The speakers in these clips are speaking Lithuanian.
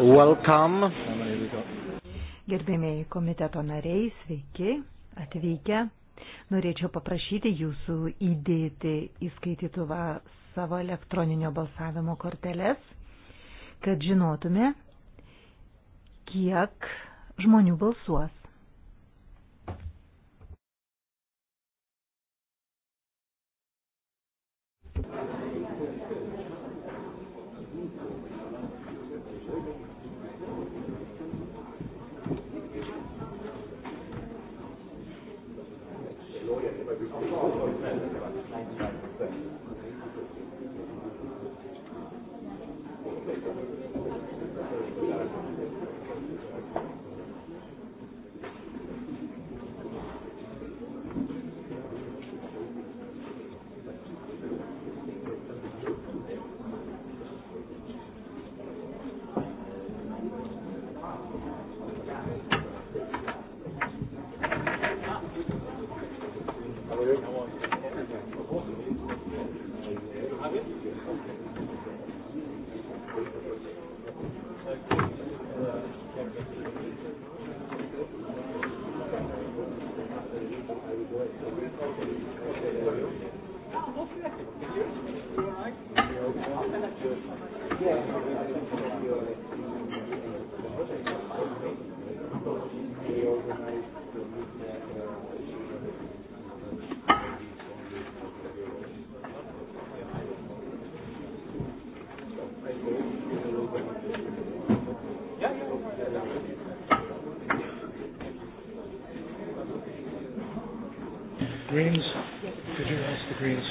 Welcome. Gerbėmėjai komiteto nariai, sveiki, atvykę. Norėčiau paprašyti jūsų įdėti į skaitytuvą savo elektroninio balsavimo korteles, kad žinotume, kiek žmonių balsuos.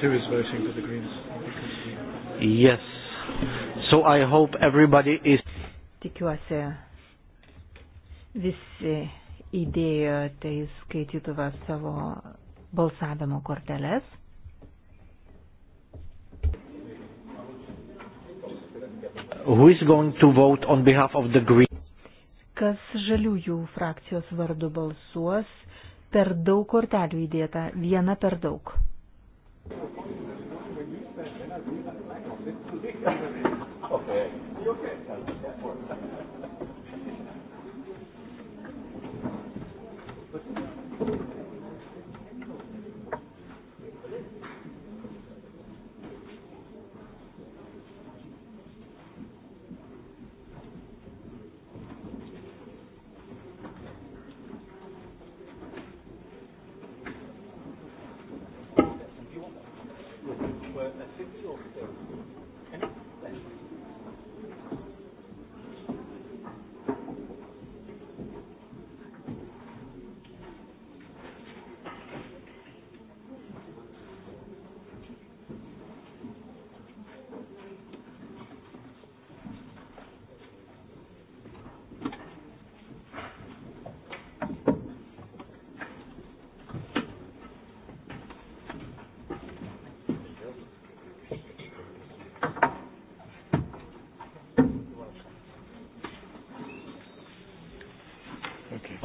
Who is voting for the Greens? Yes. So I hope everybody is. Tikiuosi visi įdėjo tai skaitytuvą savo balsavimo korteles. Who is going to vote on behalf of the Greens? Kas žaliųjų frakcijos vardu balsuos, per daug kortelių įdėta, viena per daug. Okay. You okay? Yeah,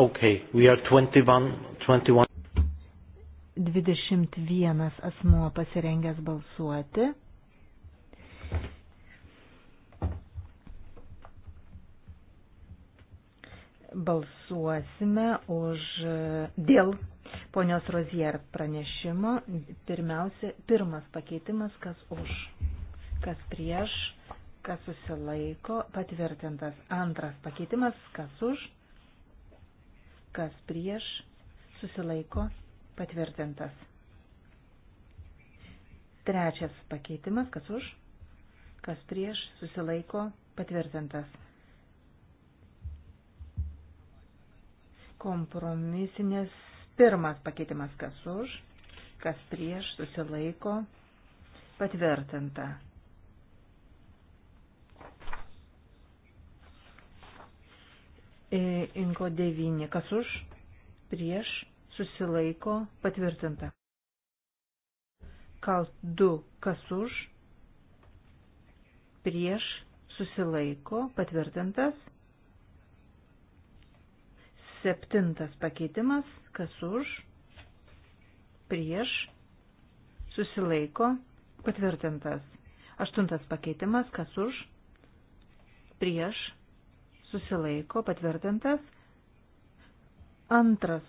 Okay, we are 21, 21. 21 asmuo pasirengęs balsuoti. Balsuosime už dėl ponios Rozier pranešimo. Pirmiausia, pirmas pakeitimas, kas už, kas prieš, kas susilaiko, patvirtintas. Antras pakeitimas, kas už kas prieš, susilaiko, patvirtintas. Trečias pakeitimas, kas už, kas prieš, susilaiko, patvirtintas. Kompromisinės pirmas pakeitimas, kas už, kas prieš, susilaiko, patvirtinta. E, Inko 9. Kas už? Prieš. Susilaiko. Patvirtinta. Kalt 2. Kas už? Prieš. Susilaiko. Patvirtintas. Septintas pakeitimas. Kas už? Prieš. Susilaiko. Patvirtintas. Aštuntas pakeitimas. Kas už? Prieš susilaiko patvirtintas. Antras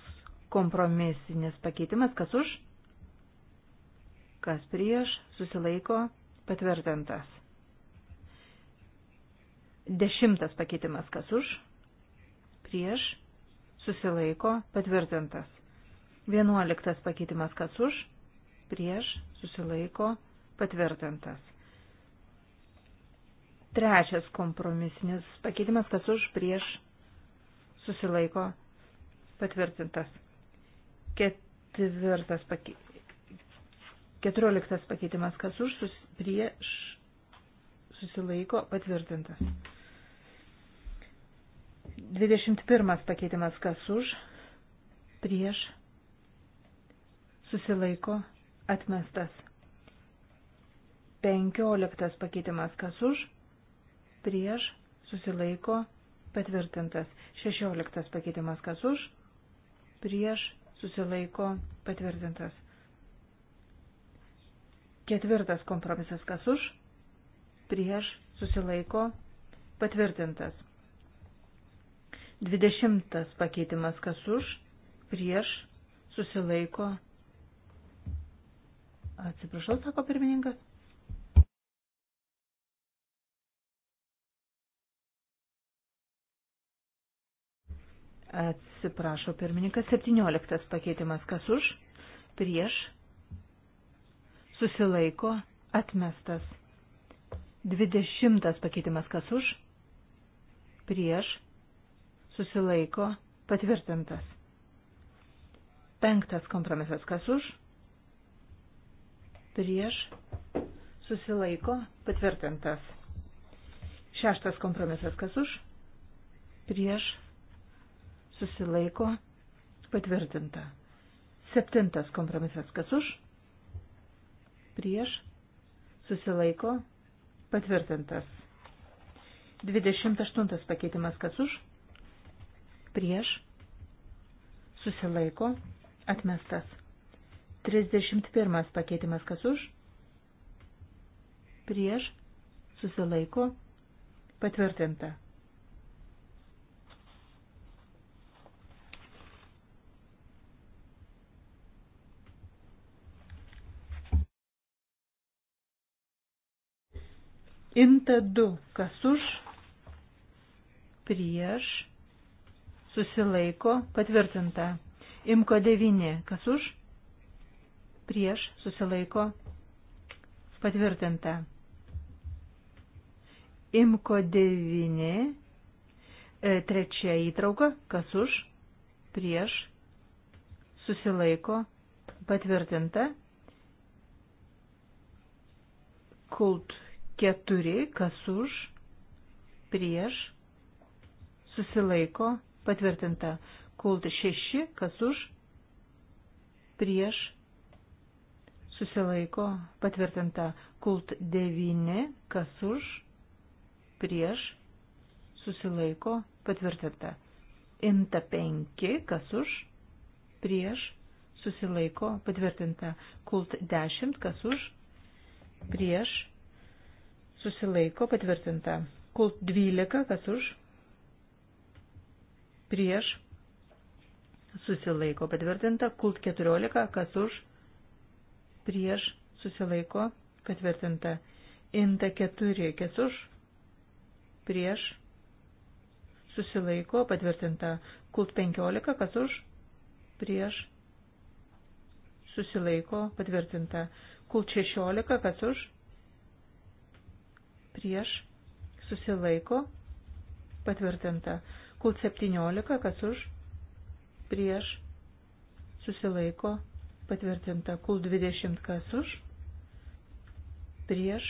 kompromisinis pakeitimas, kas už, kas prieš, susilaiko patvirtintas. Dešimtas pakeitimas, kas už, prieš, susilaiko patvirtintas. Vienuoliktas pakeitimas, kas už, prieš, susilaiko patvirtintas. Trečias kompromisinis pakeitimas, kas už prieš susilaiko patvirtintas. Ketvirtas pakeitimas. Keturioliktas pakeitimas, kas už sus, prieš susilaiko patvirtintas. Dvidešimt pirmas pakeitimas, kas už prieš susilaiko atmestas. Penkioliktas pakeitimas, kas už prieš, susilaiko, patvirtintas. 16 pakeitimas kas už, prieš, susilaiko, patvirtintas. Ketvirtas kompromisas kas už, prieš, susilaiko, patvirtintas. Dvidešimtas pakeitimas kas už, prieš, susilaiko. Atsiprašau, sako pirmininkas. Atsiprašo pirmininkas. 17 pakeitimas. Kas už? Prieš. Susilaiko. Atmestas. 20 pakeitimas. Kas už? Prieš. Susilaiko. Patvirtintas. Penktas kompromisas. Kas už? Prieš. Susilaiko. Patvirtintas. Šeštas kompromisas. Kas už? Prieš susilaiko patvirtinta. Septintas kompromisas kas už, prieš, susilaiko patvirtintas. Dvidešimt aštuntas pakeitimas kas už, prieš, susilaiko atmestas. Trisdešimt pirmas pakeitimas kas už, prieš, susilaiko patvirtinta. Inta 2. Kas už? Prieš. Susilaiko. Patvirtinta. Imko 9. Kas už? Prieš. Susilaiko. Patvirtinta. Imko 9. E, trečia įtrauka. Kas už? Prieš. Susilaiko. Patvirtinta. Kult 4, kas už, prieš, susilaiko, patvirtinta. Kult 6, kas už, prieš, susilaiko, patvirtinta. Kult 9, kas už, prieš, susilaiko, patvirtinta. Imta 5, kas už, prieš, susilaiko, patvirtinta. Kult 10, kas už, prieš, susilaiko patvirtinta. Kult 12, kas už, prieš, susilaiko patvirtinta. Kult 14, kas už, prieš, susilaiko patvirtinta. Inta 4, kas už, prieš, susilaiko patvirtinta. Kult 15, kas už, prieš, susilaiko patvirtinta. Kult 16, kas už, prieš susilaiko patvirtinta. Kult 17, kas už prieš susilaiko patvirtinta. Kult 20, kas už prieš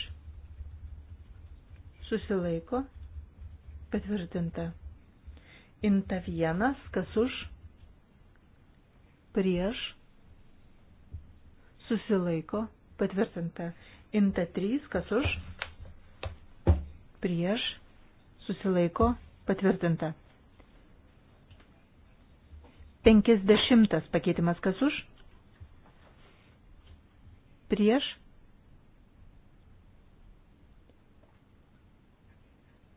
susilaiko patvirtinta. Inta vienas, kas už prieš susilaiko patvirtinta. Inta trys, kas už prieš, susilaiko, patvirtinta. 50 pakeitimas kas už, prieš,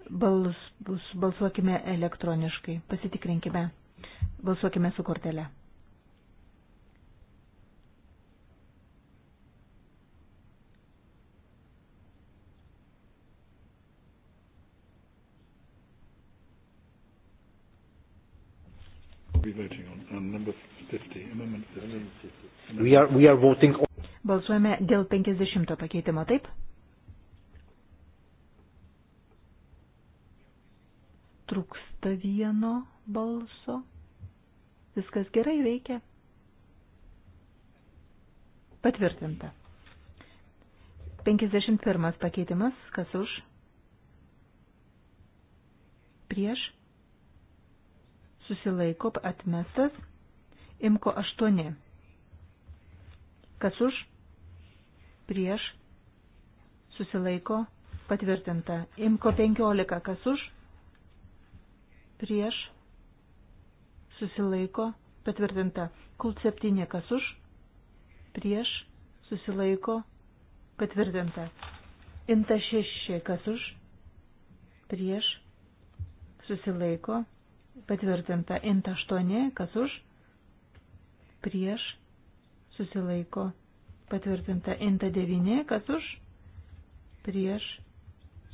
Balsuokime elektroniškai, pasitikrinkime, balsuokime su kortelė. We are, we are voting... Balsuojame dėl 50 pakeitimo, taip? Trūksta vieno balso. Viskas gerai veikia. Patvirtinta. 51 pakeitimas, kas už? Prieš. Susilaiko atmestas. Imko 8 Kas už? Prieš. Susilaiko. Patvirtinta. Imko 15. Kas už? Prieš. Susilaiko. Patvirtinta. Kult 7. Kas už? Prieš. Susilaiko. Patvirtinta. Inta 6. Kas už? Prieš. Susilaiko. Patvirtinta. Inta 8. Kas už? Prieš susilaiko patvirtinta. Inta 9, kas už, prieš,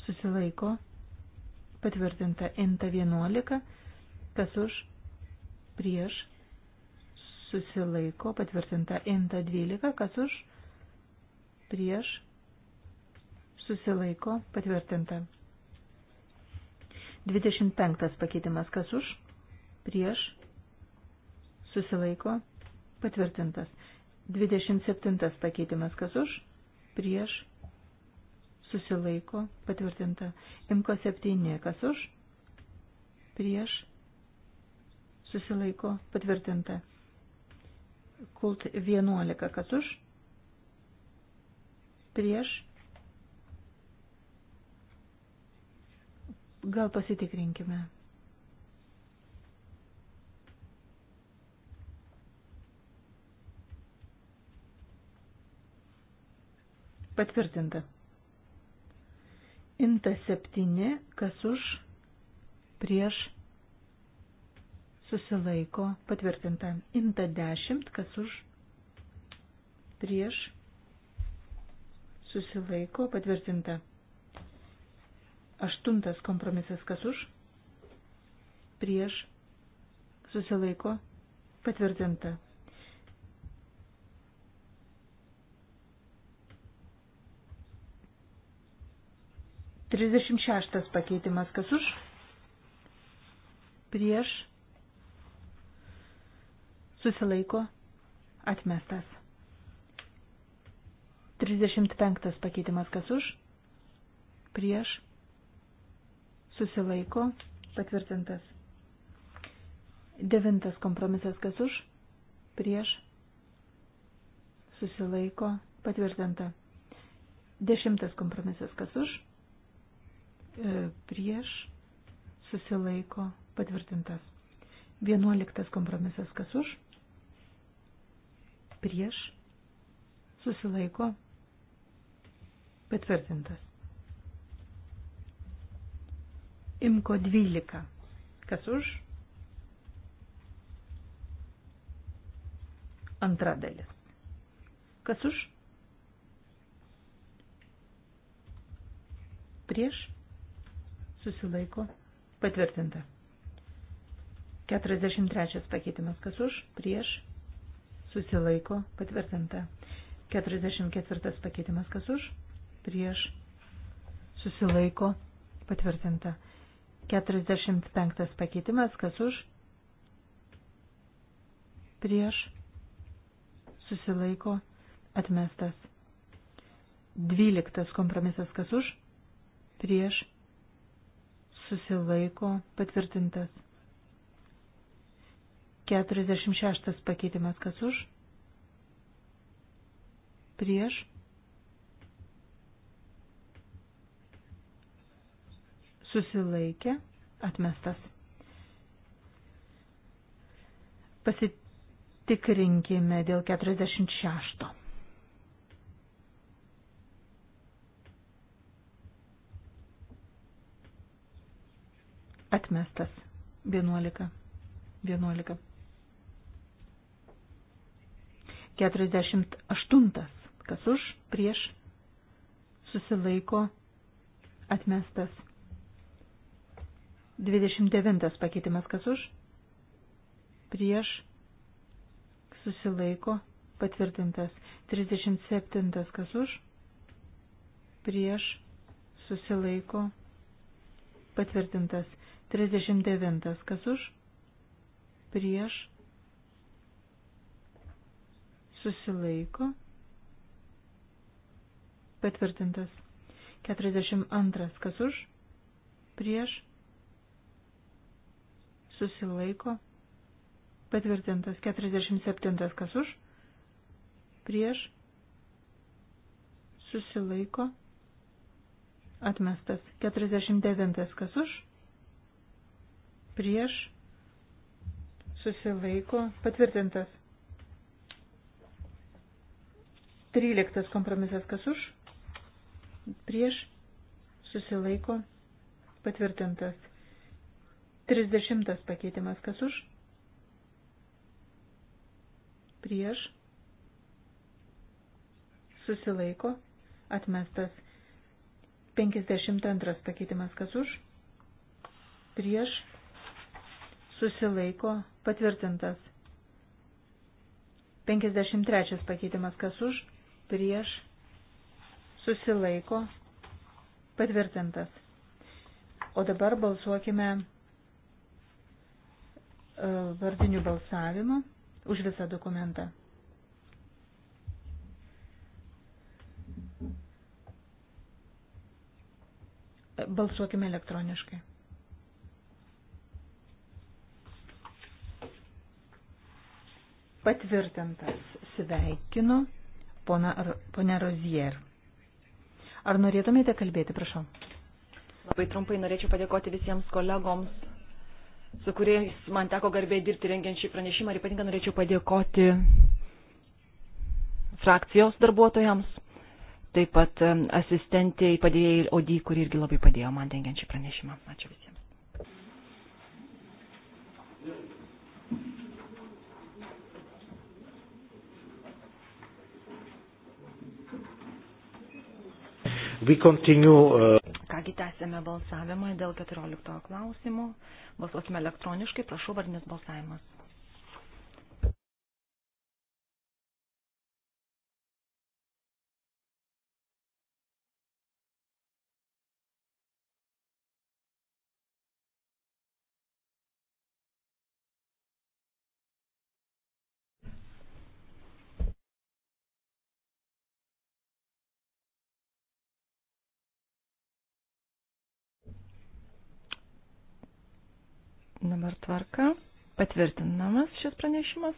susilaiko patvirtinta. Inta 11, kas už, prieš, susilaiko patvirtinta. Inta 12, kas už, prieš, susilaiko patvirtinta. 25 pakeitimas, kas už, prieš, susilaiko patvirtintas. 27 pakeitimas kas už, prieš, susilaiko, patvirtinta. Imko 7 kas už, prieš, susilaiko, patvirtinta. Kult 11 kas už, prieš. Gal pasitikrinkime. Patvirtinta. Inta 7, kas už, prieš, susilaiko, patvirtinta. Inta 10, kas už, prieš, susilaiko, patvirtinta. Aštuntas kompromisas, kas už, prieš, susilaiko, patvirtinta. 36 pakeitimas kas už? Prieš. Susilaiko. Atmestas. 35 pakeitimas kas už? Prieš. Susilaiko. Patvirtintas. 9 kompromisas kas už? Prieš. Susilaiko. Patvirtinta. 10 kompromisas kas už? E, prieš susilaiko patvirtintas. Vienuoliktas kompromisas kas už, prieš susilaiko patvirtintas. Imko dvylika kas už, antra dalis. Kas už? Prieš susilaiko, patvirtinta. 43 pakeitimas kas už, prieš, susilaiko, patvirtinta. 44 pakeitimas kas už, prieš, susilaiko, patvirtinta. 45 pakeitimas kas už, prieš, susilaiko, atmestas. 12 kompromisas kas už, prieš, susilaiko patvirtintas. 46 pakeitimas kas už? Prieš. Susilaikė atmestas. Pasitikrinkime dėl 46. Atmestas. 11. 11. 48. Kas už, prieš, susilaiko, atmestas. 29. Pakeitimas kas už, prieš, susilaiko, patvirtintas. 37. Kas už, prieš, susilaiko, patvirtintas. 39. Kas už? Prieš. Susilaiko. Patvirtintas. 42. Kas už? Prieš. Susilaiko. Patvirtintas. 47. Kas už? Prieš. Susilaiko. Atmestas. 49. Kas už? prieš, susilaiko, patvirtintas. 13 kompromisas kas už, prieš, susilaiko, patvirtintas. 30 pakeitimas kas už, prieš, susilaiko, atmestas. 52 pakeitimas kas už, prieš, susilaiko patvirtintas. 53 pakeitimas kas už, prieš, susilaiko patvirtintas. O dabar balsuokime e, vardiniu balsavimu už visą dokumentą. Balsuokime elektroniškai. patvirtintas. Sveikinu, ponia Rozier. Ar norėtumėte kalbėti, prašau? Labai trumpai norėčiau padėkoti visiems kolegoms, su kuriais man teko garbė dirbti rengiant šį pranešimą ir ypatingai norėčiau padėkoti frakcijos darbuotojams, taip pat asistentiai padėjėjai Odį, kuri irgi labai padėjo man rengiant šį pranešimą. Ačiū visiems. Continue, uh... Kągi tęsėme balsavimą dėl 14 klausimų. Balsuosime elektroniškai, prašau, vardinis balsavimas. dabar tvarka. Patvirtinamas šis pranešimas.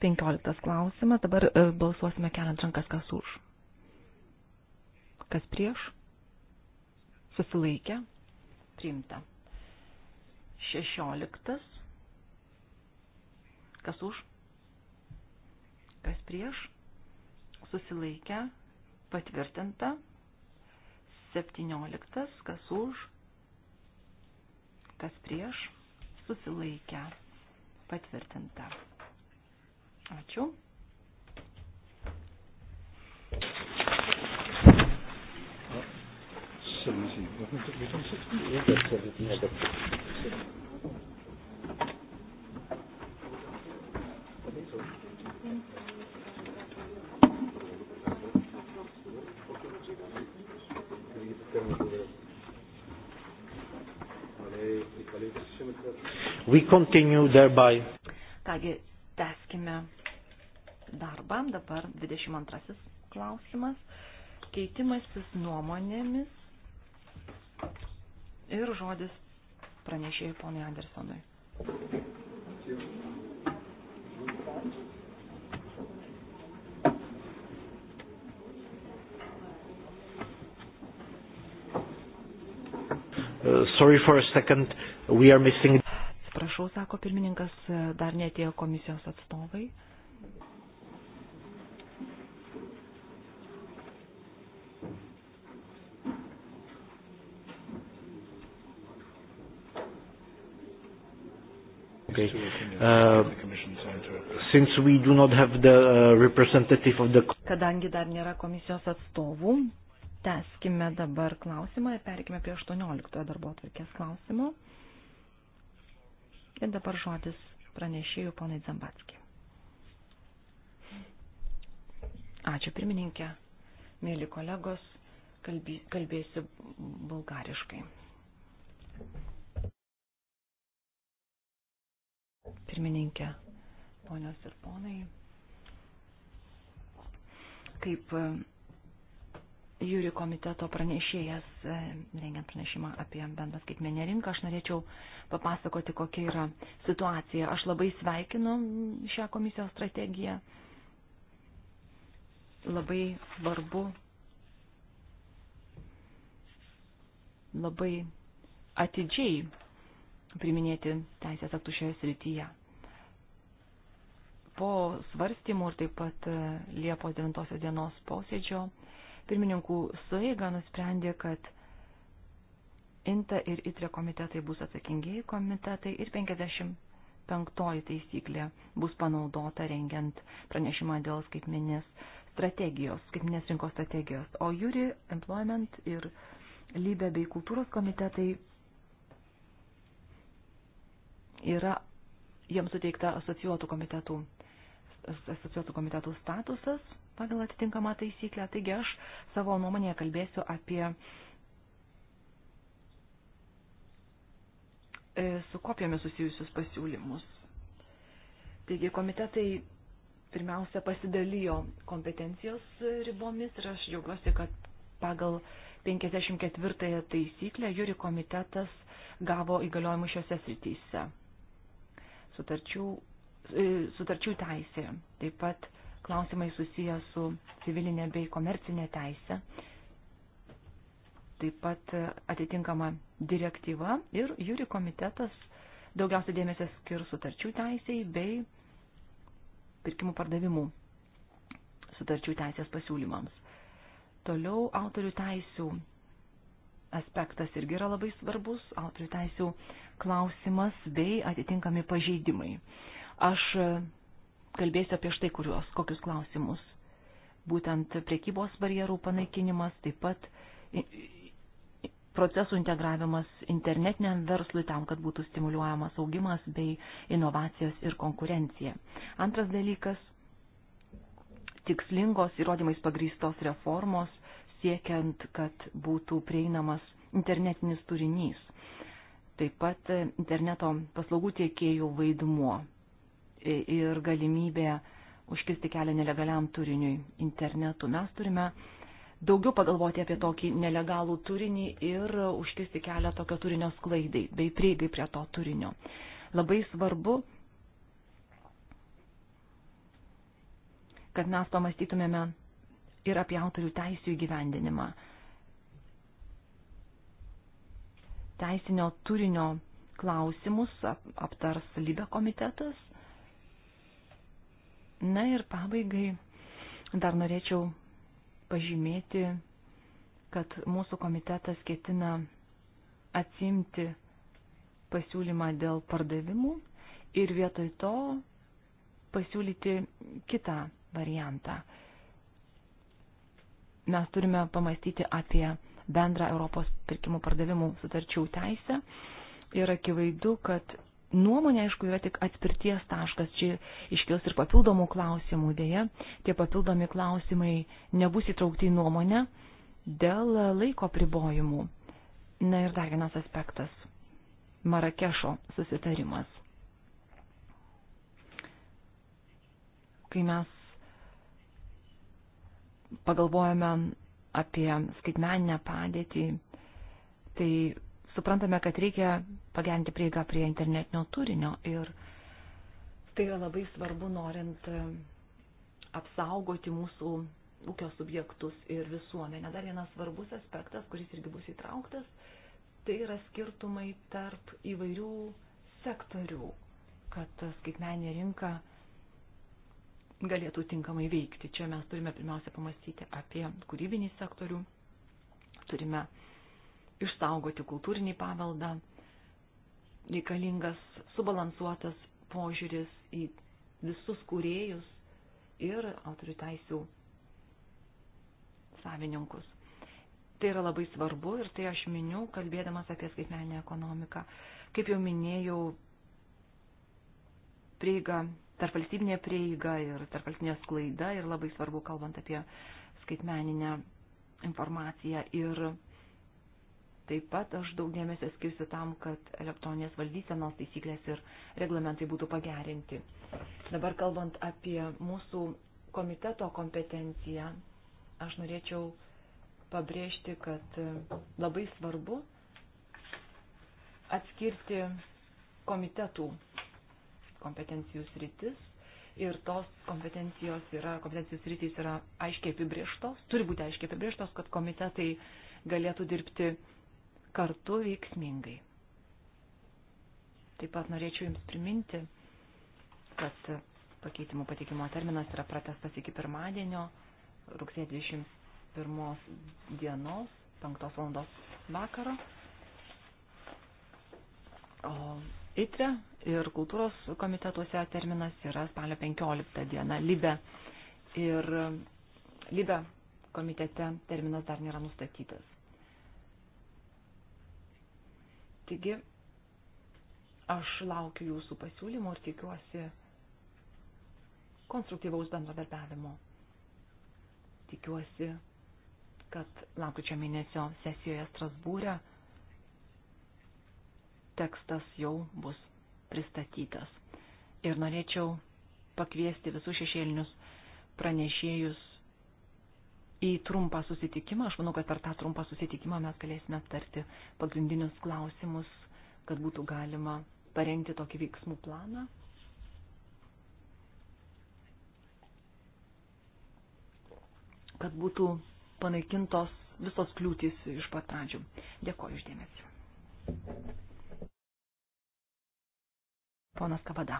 15 klausimas. Dabar e, balsuosime keliant rankas, kas už. Kas prieš? Susilaikė. Priimta. 16. Kas už? Kas prieš? Susilaikę. Patvirtinta. 17, kas už, kas prieš, susilaikę, patvirtinta. Ačiū. Thank you. We continue thereby. Kągi, teskime darbą. Dabar 22 klausimas. Keitimasis nuomonėmis ir žodis pranešėjai ponui Andersonui. Uh, sorry for a second. Uh, missing... Prašau, sako pirmininkas, dar netėjo komisijos atstovai. Okay. Uh, since we do not have the uh, representative of the... Kadangi dar nėra komisijos atstovų, teskime dabar klausimą ir perikime prie 18 darbo atvarkės klausimo. Ir dabar žodis pranešėjų ponai Zambatski. Ačiū pirmininkė, mėly kolegos, kalbė, kalbėsiu bulgariškai. Pirmininkė, ponios ir ponai, kaip jūrių komiteto pranešėjas, e, rengiant pranešimą apie bendrą skaitmenę rinką, aš norėčiau papasakoti, kokia yra situacija. Aš labai sveikinu šią komisijos strategiją. Labai svarbu, labai atidžiai priminėti teisės aktų šioje srityje. Po svarstymų ir taip pat e, Liepos 9 dienos posėdžio Pirmininkų sueiga nusprendė, kad INTA ir ITRE komitetai bus atsakingieji komitetai ir 55 taisyklė bus panaudota rengiant pranešimą dėl skaitminės strategijos, skaitminės rinkos strategijos. O Juri, Employment ir Lybė bei kultūros komitetai yra jiems suteikta asociuotų komitetų, asociuotų komitetų statusas pagal atitinkamą taisyklę. Taigi aš savo nuomonėje kalbėsiu apie e, su kopijomis susijusius pasiūlymus. Taigi komitetai pirmiausia pasidalijo kompetencijos ribomis ir aš džiaugiuosi, kad pagal 54 taisyklę jūri komitetas gavo įgaliojimų šiose srityse. Sutarčių, e, sutarčių teisė, taip pat klausimai susiję su civilinė bei komercinė teisė, taip pat atitinkama direktyva ir jūri komitetas daugiausia dėmesio skirs sutarčių teisėjai bei pirkimų pardavimų sutarčių teisės pasiūlymams. Toliau autorių teisių aspektas irgi yra labai svarbus, autorių teisių klausimas bei atitinkami pažeidimai. Aš kalbėsiu apie štai kuriuos, kokius klausimus. Būtent priekybos barjerų panaikinimas, taip pat procesų integravimas internetiniam verslui tam, kad būtų stimuliuojamas augimas bei inovacijos ir konkurencija. Antras dalykas - tikslingos įrodymais pagrystos reformos, siekiant, kad būtų prieinamas internetinis turinys. Taip pat interneto paslaugų tiekėjų vaidmuo ir galimybė užkisti kelią nelegaliam turiniui internetu. Mes turime daugiau pagalvoti apie tokį nelegalų turinį ir užkisti kelią tokio turinio sklaidai bei prieigai prie to turinio. Labai svarbu, kad mes pamastytumėme ir apie autorių teisų įgyvendinimą. Teisinio turinio klausimus aptars lyga komitetas Na ir pabaigai dar norėčiau pažymėti, kad mūsų komitetas ketina atsimti pasiūlymą dėl pardavimų ir vietoj to pasiūlyti kitą variantą. Mes turime pamastyti apie bendrą Europos pirkimų pardavimų sutarčių teisę ir akivaizdu, kad nuomonė, aišku, yra tik atspirties taškas, čia iškils ir papildomų klausimų, dėja, tie papildomi klausimai nebus įtraukti į nuomonę dėl laiko pribojimų. Na ir dar vienas aspektas - Marakešo susitarimas. Kai mes pagalvojame apie skaitmeninę padėtį, tai suprantame, kad reikia pagerinti prieigą prie internetinio turinio ir tai yra labai svarbu norint e, apsaugoti mūsų ūkio subjektus ir visuomenę. Dar vienas svarbus aspektas, kuris irgi bus įtrauktas, tai yra skirtumai tarp įvairių sektorių, kad skaitmeninė rinka galėtų tinkamai veikti. Čia mes turime pirmiausia pamastyti apie kūrybinį sektorių, turime išsaugoti kultūrinį paveldą, reikalingas subalansuotas požiūris į visus kūrėjus ir autorių teisių savininkus. Tai yra labai svarbu ir tai aš miniu, kalbėdamas apie skaitmeninę ekonomiką. Kaip jau minėjau, prieiga, tarp valstybinė prieiga ir tarp valstybinė sklaida ir labai svarbu, kalbant apie skaitmeninę informaciją ir informaciją Taip pat aš daug dėmesio skirsiu tam, kad elektroninės valdysenos taisyklės ir reglamentai būtų pagerinti. Dabar kalbant apie mūsų komiteto kompetenciją, aš norėčiau pabrėžti, kad labai svarbu atskirti komitetų kompetencijų sritis ir tos kompetencijos yra, kompetencijų sritys yra aiškiai apibrieštos, turi būti aiškiai apibrieštos, kad komitetai galėtų dirbti kartu veiksmingai. Taip pat norėčiau Jums priminti, kad pakeitimų patikimo terminas yra pratestas iki pirmadienio, rugsėjo 21 dienos, 5 val. vakaro. O ITRE ir kultūros komitetuose terminas yra spalio 15 diena, LIBE. Ir LIBE komitete terminas dar nėra nustatytas. Taigi, aš laukiu jūsų pasiūlymų ir tikiuosi konstruktyvaus bendradarbiavimo. Tikiuosi, kad lapkričio mėnesio sesijoje Strasbūrė tekstas jau bus pristatytas. Ir norėčiau pakviesti visus šešėlinius pranešėjus į trumpą susitikimą. Aš manau, kad per tą trumpą susitikimą mes galėsime aptarti pagrindinius klausimus, kad būtų galima parengti tokį veiksmų planą. kad būtų panaikintos visos kliūtys iš pat pradžių. Dėkoju uždėmesi. Ponas Kavada.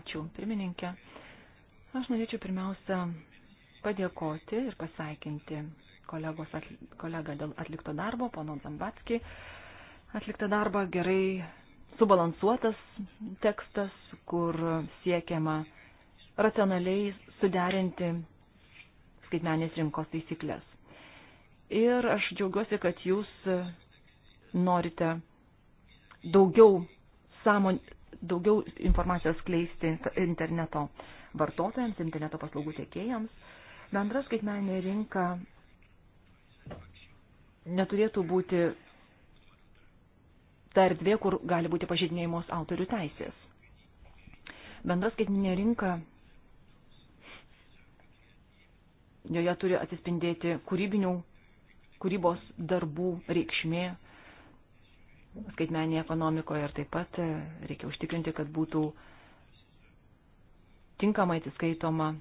Ačiū, pirmininkė. Aš norėčiau pirmiausia padėkoti ir pasveikinti kolegos, kolegą dėl atlikto darbo, pono Zambatski. Atlikta darba gerai subalansuotas tekstas, kur siekiama racionaliai suderinti skaitmenės rinkos taisyklės. Ir aš džiaugiuosi, kad jūs norite daugiau, sąmon, daugiau informacijos kleisti interneto vartotojams, interneto paslaugų tiekėjams. Bendra skaitmeninė rinka neturėtų būti ta erdvė, kur gali būti pažydinėjimos autorių teisės. Bendra skaitminė rinka, joje turi atsispindėti kūrybinių, kūrybos darbų reikšmė skaitmenėje ekonomikoje ir taip pat e, reikia užtikrinti, kad būtų uh, tinkamai atsiskaitoma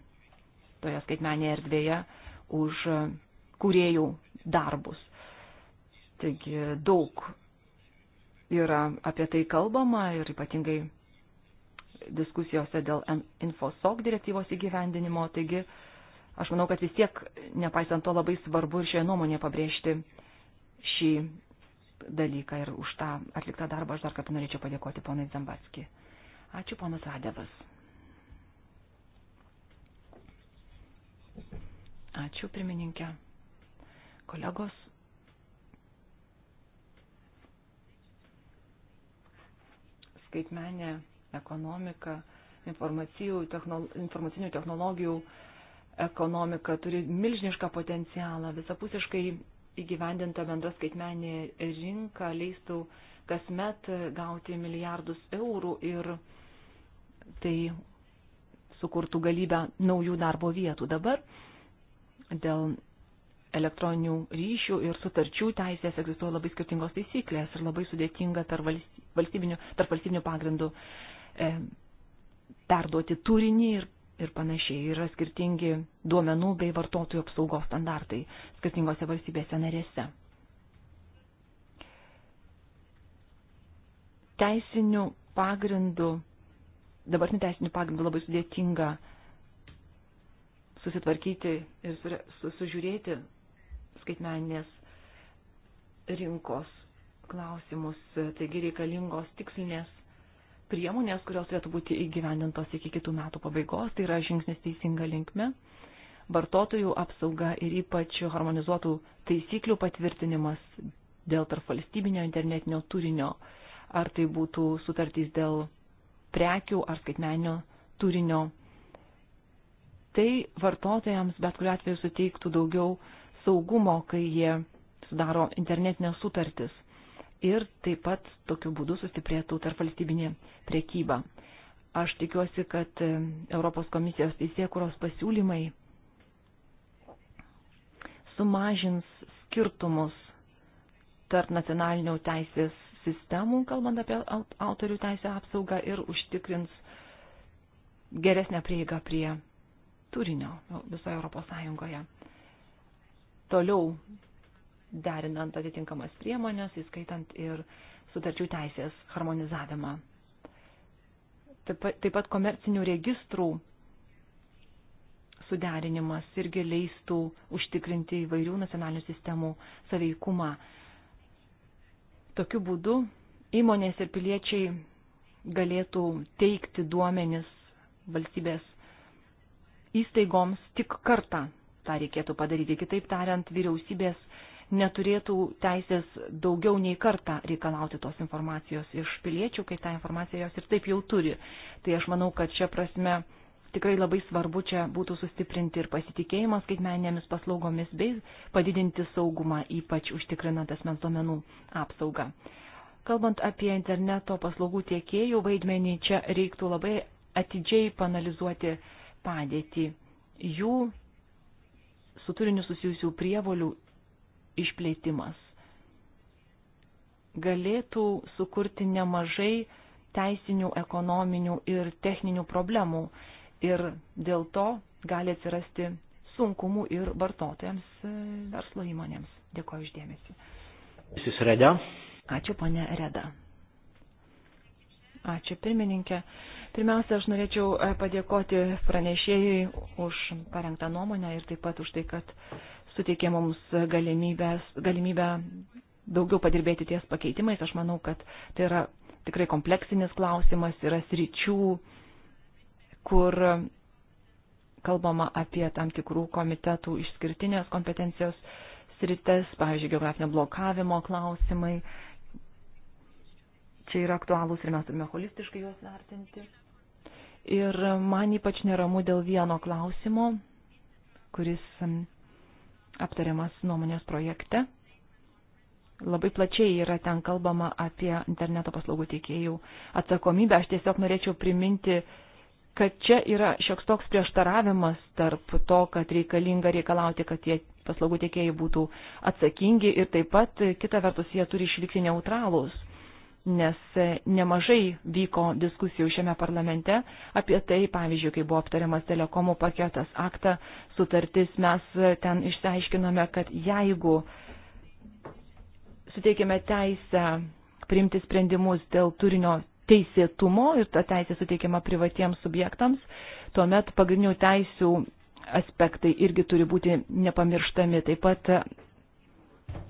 toje skaitmenėje erdvėje už kuriejų darbus. Taigi daug yra apie tai kalbama ir ypatingai diskusijose dėl infosok direktyvos įgyvendinimo. Taigi aš manau, kad vis tiek, nepaisant to, labai svarbu ir šioje nuomonėje pabrėžti šį dalyką ir už tą atliktą darbą aš dar kartą norėčiau padėkoti ponai Zambatski. Ačiū ponas Radevas. Ačiū, pirmininkė. Kolegos. Skaitmenė ekonomika, technolo, informacinių technologijų ekonomika turi milžinišką potencialą. Visapusiškai įgyvendinta bendra skaitmenė rinka leistų kasmet gauti milijardus eurų ir tai sukurtų galybę naujų darbo vietų. Dabar dėl elektroninių ryšių ir sutarčių teisės egzistuoja labai skirtingos taisyklės ir labai sudėtinga tarp valstybinių, tarp valstybinių pagrindų e, perduoti turinį ir, ir panašiai. Yra skirtingi duomenų bei vartotojų apsaugos standartai skirtingose valstybėse narėse. Teisinių pagrindų, dabartinių teisinių pagrindų labai sudėtinga e, susitvarkyti ir sužiūrėti skaitmeninės rinkos klausimus. Taigi reikalingos tikslinės priemonės, kurios turėtų būti įgyvendintos iki kitų metų pabaigos. Tai yra žingsnis teisinga linkme. Vartotojų apsauga ir ypač harmonizuotų taisyklių patvirtinimas dėl tarpvalstybinio internetinio turinio, ar tai būtų sutartys dėl prekių ar skaitmeninio turinio tai vartotojams bet kuriu atveju suteiktų daugiau saugumo, kai jie sudaro internetinės sutartis. Ir taip pat tokiu būdu sustiprėtų tarp valstybinė priekyba. Aš tikiuosi, kad e, Europos komisijos teisėkuros pasiūlymai sumažins skirtumus tarp nacionalinių teisės sistemų, kalbant apie autorių teisę apsaugą ir užtikrins geresnę prieigą prie turinio visoje Europos Sąjungoje. Toliau derinant atitinkamas priemonės, įskaitant ir sutarčių teisės harmonizavimą. Taip pat komercinių registrų suderinimas irgi leistų užtikrinti įvairių nacionalinių sistemų saveikumą. Tokiu būdu įmonės ir piliečiai galėtų teikti duomenis valstybės įstaigoms tik kartą. Ta reikėtų padaryti. Kitaip tariant, vyriausybės neturėtų teisės daugiau nei kartą reikalauti tos informacijos iš piliečių, kai tą informaciją jos ir taip jau turi. Tai aš manau, kad šia prasme tikrai labai svarbu čia būtų sustiprinti ir pasitikėjimą skaitmeninėmis paslaugomis bei padidinti saugumą, ypač užtikrinant asmens duomenų apsaugą. Kalbant apie interneto paslaugų tiekėjų vaidmenį, čia reiktų labai atidžiai panalizuoti padėtį, jų su turiniu susijusių prievolių išplėtimas galėtų sukurti nemažai teisinių, ekonominių ir techninių problemų ir dėl to gali atsirasti sunkumų ir vartotojams, e, verslo įmonėms. Dėkuoju uždėmesi. Ačiū, ponė Reda. Ačiū pirmininkė. Pirmiausia, aš norėčiau e, padėkoti pranešėjai už parengtą nuomonę ir taip pat už tai, kad suteikė mums galimybę daugiau padirbėti ties pakeitimais. Aš manau, kad tai yra tikrai kompleksinis klausimas, yra sričių, kur kalbama apie tam tikrų komitetų išskirtinės kompetencijos sritis, pavyzdžiui, geografinio blokavimo klausimai čia yra aktualūs ir mes turime holistiškai juos vertinti. Ir man ypač neramu dėl vieno klausimo, kuris aptariamas nuomonės projekte. Labai plačiai yra ten kalbama apie interneto paslaugų teikėjų atsakomybę. Aš tiesiog norėčiau priminti, kad čia yra šioks toks prieštaravimas tarp to, kad reikalinga reikalauti, kad tie paslaugų teikėjai būtų atsakingi ir taip pat kita vertus jie turi išlikti neutralūs nes e, nemažai vyko diskusijų šiame parlamente apie tai, pavyzdžiui, kai buvo aptariamas telekomų paketas, aktą, sutartis, mes e, ten išsiaiškinome, kad jeigu suteikime teisę priimti sprendimus dėl turinio teisėtumo ir ta teisė suteikiama privatiems subjektams, tuomet pagrindinių teisių aspektai irgi turi būti nepamirštami. Taip pat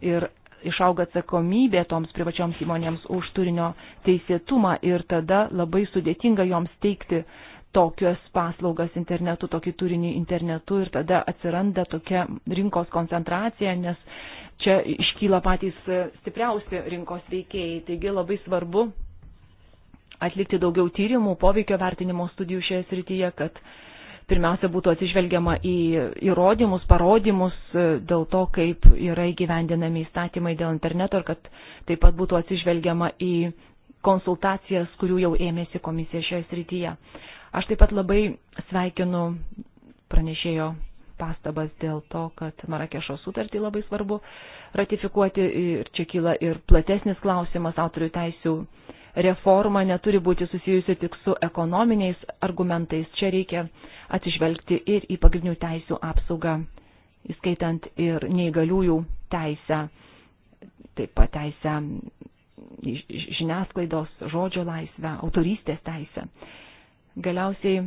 ir išauga atsakomybė toms privačioms įmonėms už turinio teisėtumą ir tada labai sudėtinga joms teikti tokias paslaugas internetu, tokį turinį internetu ir tada atsiranda tokia rinkos koncentracija, nes čia iškyla patys stipriausi rinkos veikėjai. Taigi labai svarbu atlikti daugiau tyrimų, poveikio vertinimo studijų šioje srityje, kad uh, pirmiausia būtų atsižvelgiama į įrodymus, parodymus e, dėl to, kaip yra įgyvendinami įstatymai dėl interneto ir kad taip pat būtų atsižvelgiama į konsultacijas, kurių jau ėmėsi komisija šioje srityje. Aš taip pat labai sveikinu pranešėjo pastabas dėl to, kad Marakešo sutartį labai svarbu ratifikuoti ir čia kyla ir platesnis klausimas autorių teisių reforma neturi būti susijusi tik su ekonominiais argumentais. Čia reikia atsižvelgti ir į pagrindinių teisų apsaugą, įskaitant ir neįgaliųjų teisę, taip pat teisę žiniasklaidos, žodžio laisvę, autorystės teisę. Galiausiai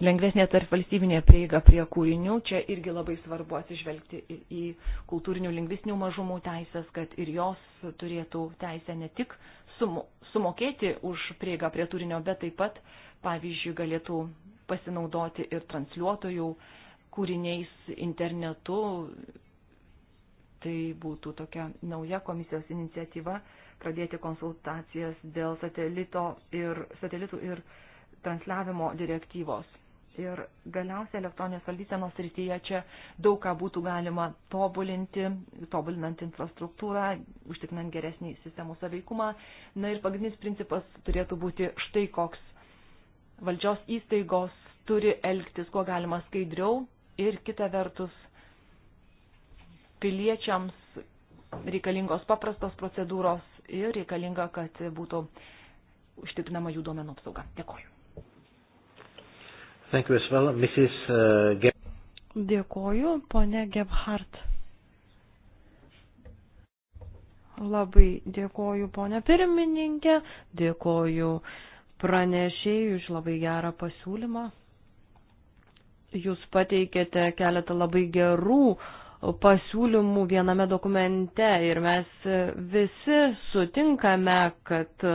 lengvesnė tarp valstybinė prieiga prie kūrinių. Čia irgi labai svarbu atsižvelgti į, į kultūrinių lingvistinių mažumų teisės, kad ir jos turėtų teisę ne tik sumo, sumokėti už prieigą prie turinio, bet taip pat, pavyzdžiui, galėtų pasinaudoti ir transliuotojų kūriniais internetu. Tai būtų tokia nauja komisijos iniciatyva pradėti konsultacijas dėl satelito ir, satelitų ir transliavimo direktyvos Ir galiausiai elektroninės valdysenos rytyje čia daug ką būtų galima tobulinti, tobulinant infrastruktūrą, užtikrinant geresnį sistemų saveikumą. Na ir pagrindinis principas turėtų būti štai koks valdžios įstaigos turi elgtis kuo galima skaidriau ir kita vertus piliečiams reikalingos paprastos procedūros ir reikalinga, kad būtų užtikrinama jų duomenų apsauga. Dėkoju. Thank you as well, Mrs. Uh, Ge Dėkoju, ponė Gebhardt. Labai dėkoju, ponė pirmininkė, dėkoju pranešėjų už labai gerą pasiūlymą. Jūs pateikėte keletą labai gerų pasiūlymų viename dokumente ir mes visi sutinkame, kad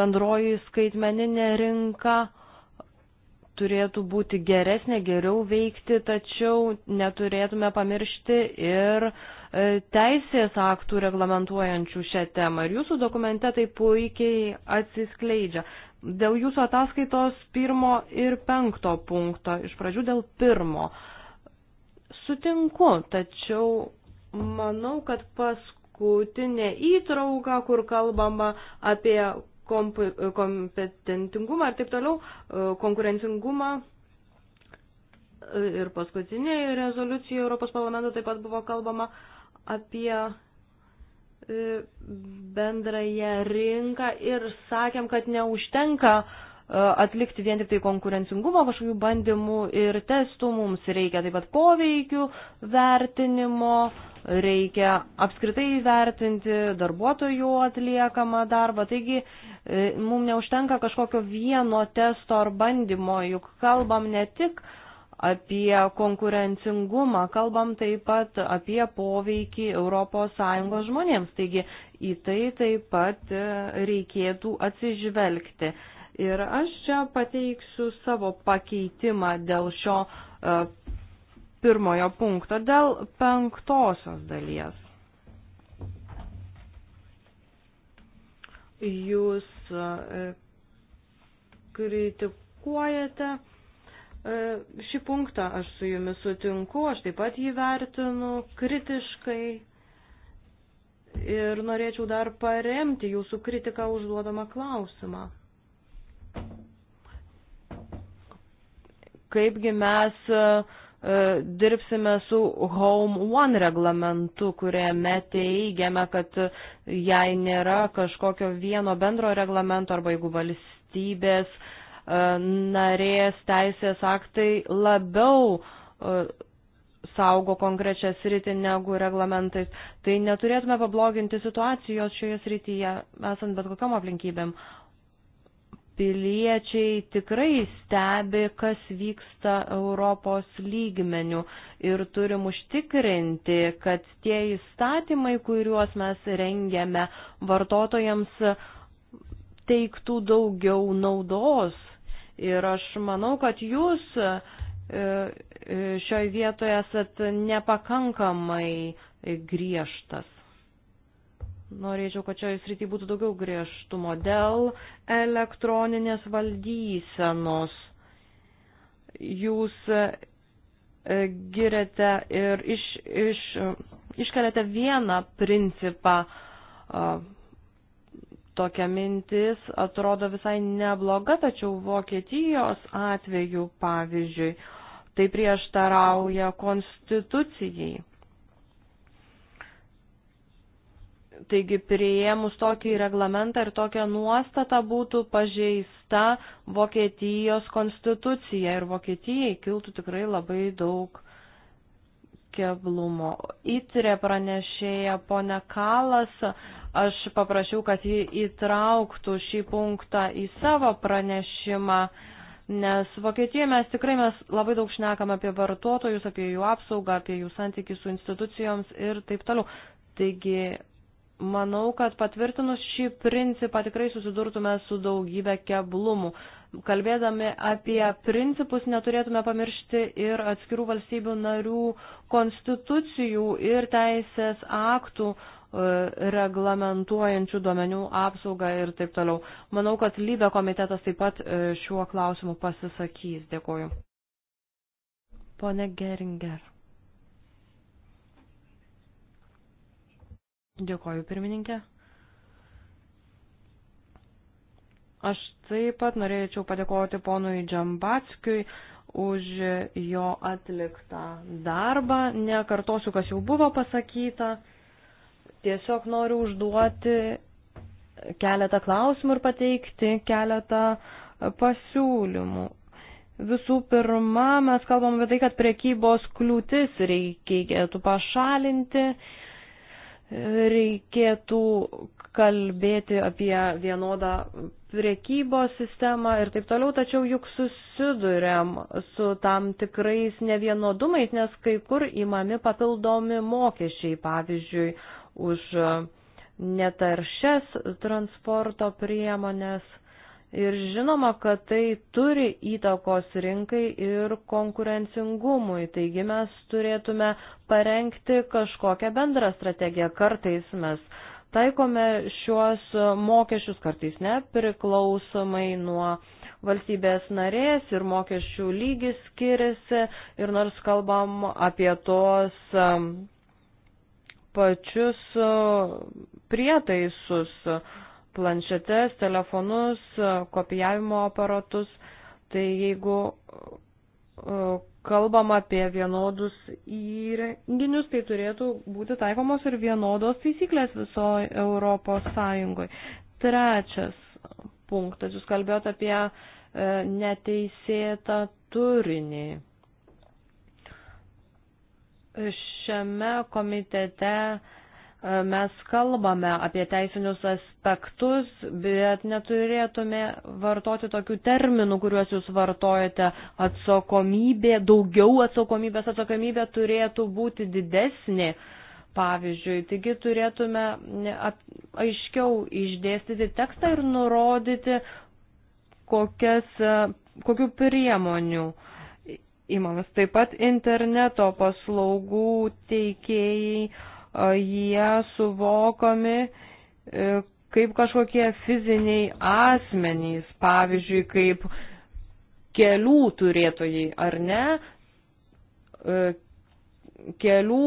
bendroji skaitmeninė rinka turėtų būti geresnė, geriau veikti, tačiau neturėtume pamiršti ir e, teisės aktų reglamentuojančių šią temą. Ir jūsų dokumente tai puikiai atsiskleidžia. Dėl jūsų ataskaitos pirmo ir penkto punkto, iš pradžių dėl pirmo. Sutinku, tačiau manau, kad paskui paskutinė įtrauka, kur kalbama apie komp kompetentingumą ir taip toliau, e, konkurencingumą. Ir paskutinėje rezoliucijoje Europos parlamento taip pat buvo kalbama apie e, bendrąją rinką ir sakėm, kad neužtenka e, atlikti vien tik tai konkurencingumo kažkokių bandymų ir testų, mums reikia taip pat poveikių vertinimo, reikia apskritai įvertinti darbuotojų atliekamą darbą. Taigi e, mums neužtenka kažkokio vieno testo ar bandymo, juk kalbam ne tik apie konkurencingumą, kalbam taip pat apie poveikį ES žmonėms. Taigi į tai taip pat e, reikėtų atsižvelgti. Ir aš čia pateiksiu savo pakeitimą dėl šio e, pirmojo punkto dėl penktosios dalies. Jūs e, kritikuojate e, šį punktą, aš su jumis sutinku, aš taip pat jį vertinu kritiškai ir norėčiau dar paremti jūsų kritiką užduodamą klausimą. Kaipgi mes uh, E, dirbsime su Home One reglamentu, kuriame teigiame, kad jei nėra kažkokio vieno bendro reglamento arba jeigu valstybės e, narės teisės aktai labiau e, saugo konkrečią sritį negu reglamentais. Tai neturėtume pabloginti situacijos šioje srityje, esant bet kokiam aplinkybėm piliečiai tikrai stebi, kas vyksta Europos lygmenių ir turim užtikrinti, kad tie įstatymai, kuriuos mes rengiame vartotojams, teiktų daugiau naudos. Ir aš manau, kad jūs e, e, šioje vietoje esat nepakankamai griežtas. Norėčiau, kad čia įsrity būtų daugiau griežtumo dėl elektroninės valdysenos. Jūs e, girėte ir iš, iš, iškeliate vieną principą. Tokia mintis atrodo visai nebloga, tačiau Vokietijos atveju, pavyzdžiui, tai prieštarauja konstitucijai. Taigi prieimus tokį reglamentą ir tokią nuostatą būtų pažeista Vokietijos konstitucija ir Vokietijai kiltų tikrai labai daug keblumo. Įtrė pranešėja pone Kalas, aš paprašiau, kad ji įtrauktų šį punktą į savo pranešimą, nes Vokietijoje mes tikrai mes labai daug šnekam apie vartotojus, apie jų apsaugą, apie jų santykį su institucijoms ir taip toliau. Taigi Manau, kad patvirtinus šį principą tikrai susidurtume su daugybė keblumų. Kalbėdami apie principus neturėtume pamiršti ir atskirų valstybių narių konstitucijų ir teisės aktų e, reglamentuojančių duomenių apsaugą ir taip toliau. Manau, kad lybė komitetas taip pat e, šiuo klausimu pasisakys. Dėkuoju. Pone Geringer. Dėkoju, pirmininkė. Aš taip pat norėčiau padėkoti ponui Džambatskiui už jo atliktą darbą. Nekartosiu, kas jau buvo pasakyta. Tiesiog noriu užduoti keletą klausimų ir pateikti keletą pasiūlymų. Visų pirma, mes kalbam apie tai, kad priekybos kliūtis reikėtų pašalinti reikėtų kalbėti apie vienodą priekybos sistemą ir taip toliau, tačiau juk susidurėm su tam tikrais nevienodumais, nes kai kur įmami papildomi mokesčiai, pavyzdžiui, už netaršias transporto priemonės Ir žinoma, kad tai turi įtakos rinkai ir konkurencingumui, taigi mes turėtume parengti kažkokią bendrą strategiją. Kartais mes taikome šiuos mokesčius, kartais nepriklausomai nuo valstybės narės ir mokesčių lygis skiriasi ir nors kalbam apie tos um, pačius uh, prietaisus, planšetes, telefonus, kopijavimo aparatus. Tai jeigu e, kalbam apie vienodus įrenginius, tai turėtų būti taikomos ir vienodos taisyklės visoje Europos Sąjungoje. Trečias punktas, jūs kalbėjote apie e, neteisėtą turinį. Šiame komitete uh, E, mes kalbame apie teisinius aspektus, bet neturėtume vartoti tokių terminų, kuriuos jūs vartojate. Atsakomybė, daugiau atsakomybės atsakomybė turėtų būti didesnė. Pavyzdžiui, taigi turėtume aiškiau išdėstyti tekstą ir nurodyti, kokias, e, kokių priemonių įmamas. Taip pat interneto paslaugų teikėjai jie suvokomi e, kaip kažkokie fiziniai asmenys, pavyzdžiui, kaip kelių turėtojai ar ne, e, kelių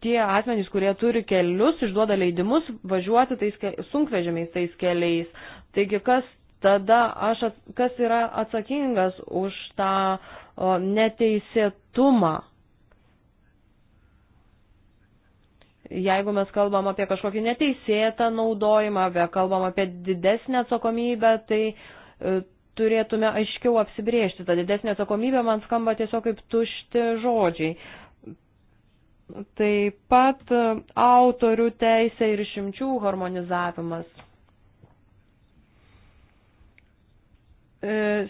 tie asmenys, kurie turi kelius, išduoda leidimus važiuoti tais sunkvežimiais tais keliais. Taigi, kas tada aš, kas yra atsakingas už tą o, neteisėtumą? jeigu mes kalbam apie kažkokį neteisėtą naudojimą, apie kalbam apie didesnę atsakomybę, tai e, turėtume aiškiau apsibriežti. Ta didesnė atsakomybė man skamba tiesiog kaip tušti žodžiai. Taip pat e, autorių teisė ir išimčių harmonizavimas. E,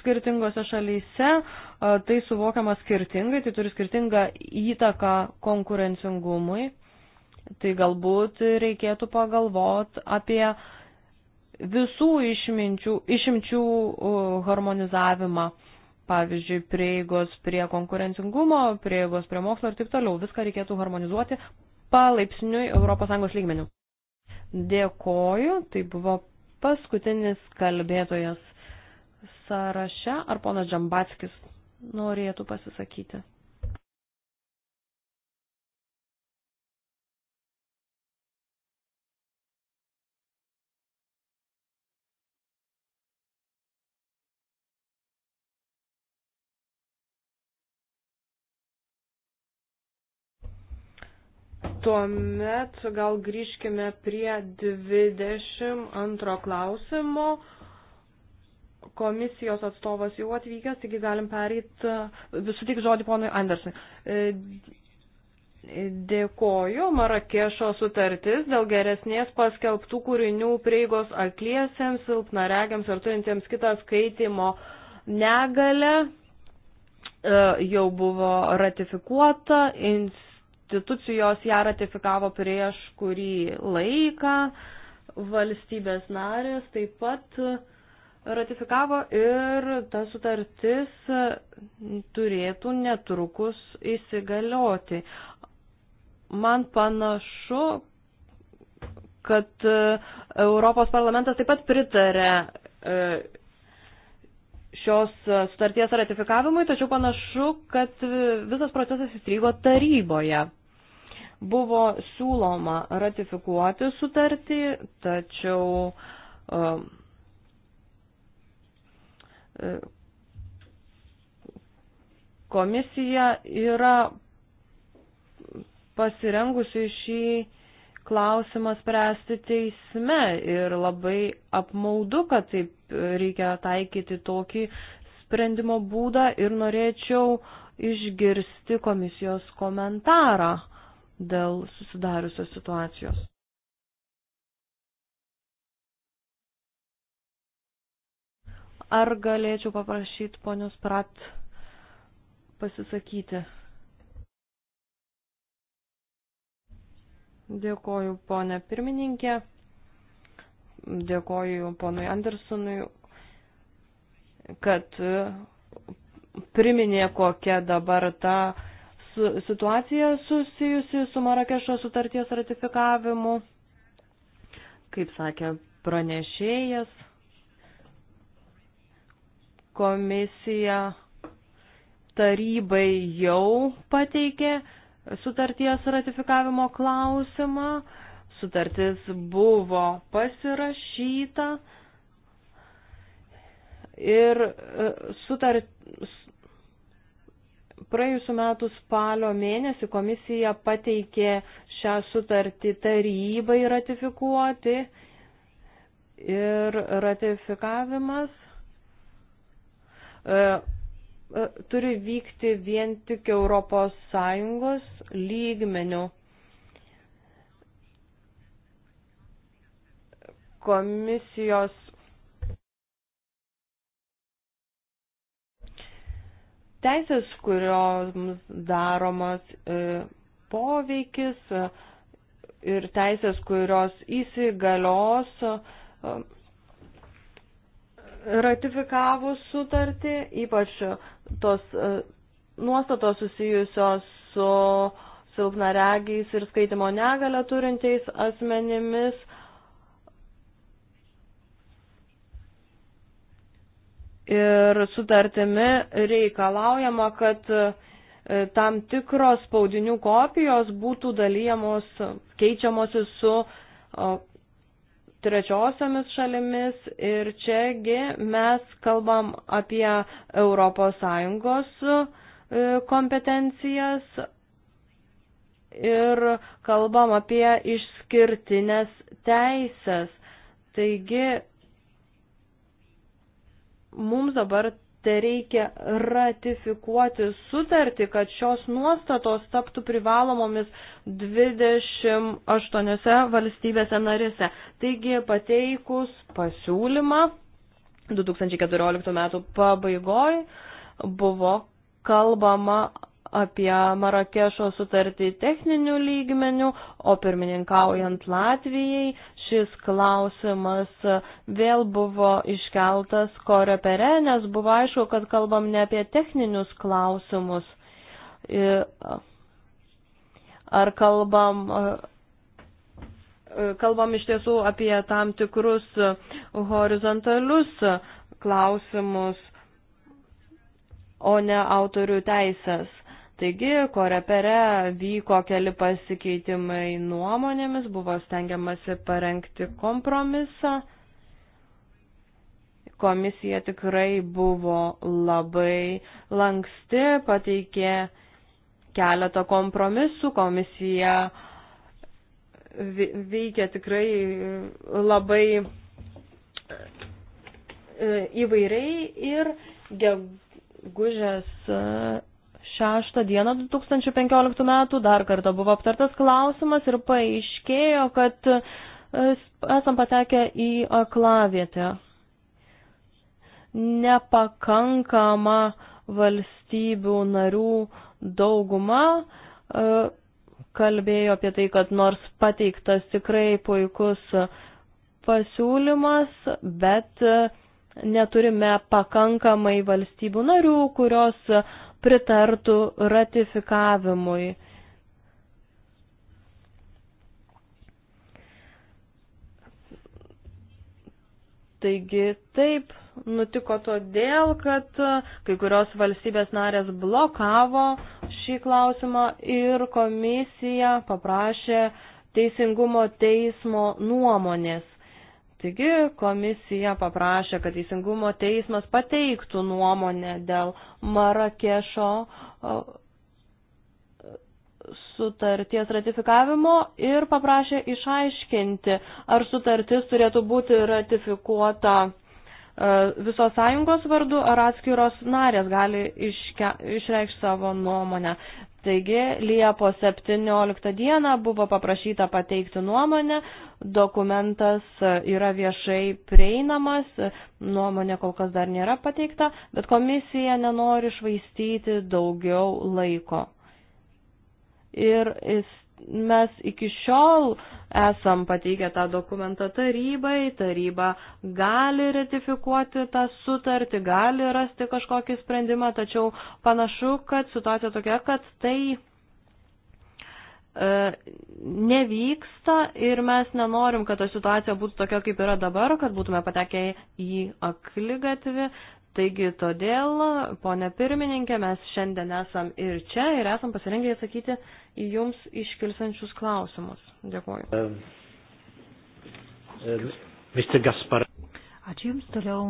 skirtingose šalyse e, tai suvokiama skirtingai, tai turi skirtingą įtaką konkurencingumui. Tai galbūt reikėtų pagalvot apie visų išminčių, išimčių e, harmonizavimą. Pavyzdžiui, prieigos prie konkurencingumo, prieigos prie mokslo ir taip toliau. Viską reikėtų harmonizuoti palaipsniui ES lygmenių. Dėkoju, tai buvo paskutinis kalbėtojas sąraše. Ar ponas Džambatskis norėtų pasisakyti? Tuomet gal grįžkime prie 22 klausimo. Komisijos atstovas jau atvykęs, taigi galim pereiti, visų tik žodį ponui Andersui. E, dėkoju, Marakešo sutartis dėl geresnės paskelbtų kūrinių prieigos akliesiems, silpnaregiams ir turintiems kitą skaitimo negalę e, jau buvo ratifikuota. Ins institucijos ją ratifikavo prieš kurį laiką, valstybės narės taip pat ratifikavo ir ta sutartis turėtų netrukus įsigalioti. Man panašu, kad Europos parlamentas taip pat pritarė e, šios sutarties ratifikavimui, tačiau panašu, kad visas procesas įstrigo taryboje buvo siūloma ratifikuoti sutartį, tačiau um, e, komisija yra pasirengusi šį klausimą spręsti teisme ir labai apmaudu, kad taip reikia taikyti tokį sprendimo būdą ir norėčiau išgirsti komisijos komentarą dėl susidariusios situacijos. Ar galėčiau paprašyti ponios Prat pasisakyti? Dėkoju ponė pirmininkė, dėkoju ponui Andersonui, kad priminė, kokia dabar ta uh, situacija susijusi su Marakešo sutarties ratifikavimu. Kaip sakė pranešėjas, komisija tarybai jau pateikė sutarties ratifikavimo klausimą. Sutartis buvo pasirašyta ir e, sutart, Praėjusiu metu spalio mėnesį komisija pateikė šią sutartį tarybai ratifikuoti ir ratifikavimas e, e, turi vykti vien tik Europos Sąjungos lygmenių. Komisijos teisės, kurioms daromas e, poveikis e, ir teisės, kurios įsigalios e, ratifikavus sutartį, ypač tos nuostatos susijusios su silpnaregiais ir skaitimo negalę turinčiais asmenimis ir sutartimi reikalaujama, kad e, tam tikros spaudinių kopijos būtų dalyjamos, keičiamosi su trečiosiamis šalimis ir čiagi mes kalbam apie ES e, kompetencijas ir kalbam apie išskirtinės teisės. Taigi mums dabar reikia ratifikuoti sutartį, kad šios nuostatos taptų privalomomis 28 valstybėse narėse. Taigi pateikus pasiūlymą 2014 metų pabaigoj buvo kalbama apie Marakešo sutartį techninių lygmenių, o pirmininkaujant Latvijai šis klausimas vėl buvo iškeltas korepere, nes buvo aišku, kad kalbam ne apie techninius klausimus. Ar kalbam, kalbam iš tiesų apie tam tikrus horizontalius klausimus, o ne autorių teisės. Taigi, korepere vyko keli pasikeitimai nuomonėmis, buvo stengiamasi parengti kompromisą. Komisija tikrai buvo labai lanksti, pateikė keletą kompromisų, komisija veikia tikrai e, labai e, įvairiai ir gegužės 6 dieną 2015 metų dar kartą buvo aptartas klausimas ir paaiškėjo, kad e, esam patekę į aklavietę. Nepakankama valstybių narių dauguma e, kalbėjo apie tai, kad nors pateiktas tikrai puikus pasiūlymas, bet e, neturime pakankamai valstybių narių, kurios pritartų ratifikavimui. Taigi taip nutiko todėl, kad kai kurios valstybės narės blokavo šį klausimą ir komisija paprašė teisingumo teismo nuomonės. Taigi komisija paprašė, kad Teisingumo teismas pateiktų nuomonę dėl Marakešo sutarties ratifikavimo ir paprašė išaiškinti, ar sutartis turėtų būti ratifikuota visos sąjungos vardu, ar atskiros narės gali iške, išreikšti savo nuomonę. Taigi Liepos 17 dieną buvo paprašyta pateikti nuomonę, dokumentas yra viešai prieinamas, nuomonė kol kas dar nėra pateikta, bet komisija nenori švaistyti daugiau laiko. Ir mes iki šiol esam pateikę tą dokumentą tarybai, taryba gali ratifikuoti tą sutartį, gali rasti kažkokį sprendimą, tačiau panašu, kad situacija tokia, kad tai e, nevyksta ir mes nenorim, kad ta situacija būtų tokia, kaip yra dabar, kad būtume patekę į akligatvį, Taigi todėl, ponė pirmininkė, mes šiandien esam ir čia ir esam pasirengę atsakyti į jums iškilsančius klausimus. Dėkuoju. Um, Mr. Gaspar. Ačiū Jums toliau,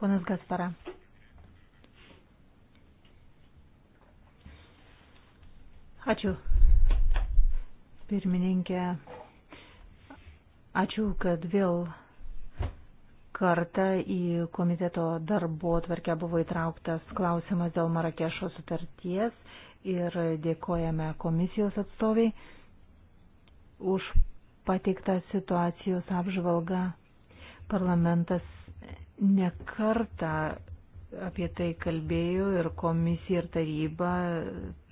ponas Gaspara. Ačiū, pirmininkė. Ačiū, kad vėl kartą į komiteto darbo tvarkę buvo įtrauktas klausimas dėl Marakešo sutarties ir dėkojame komisijos atstoviai už pateiktą situacijos apžvalgą. Parlamentas nekarta apie tai kalbėjo ir komisija ir taryba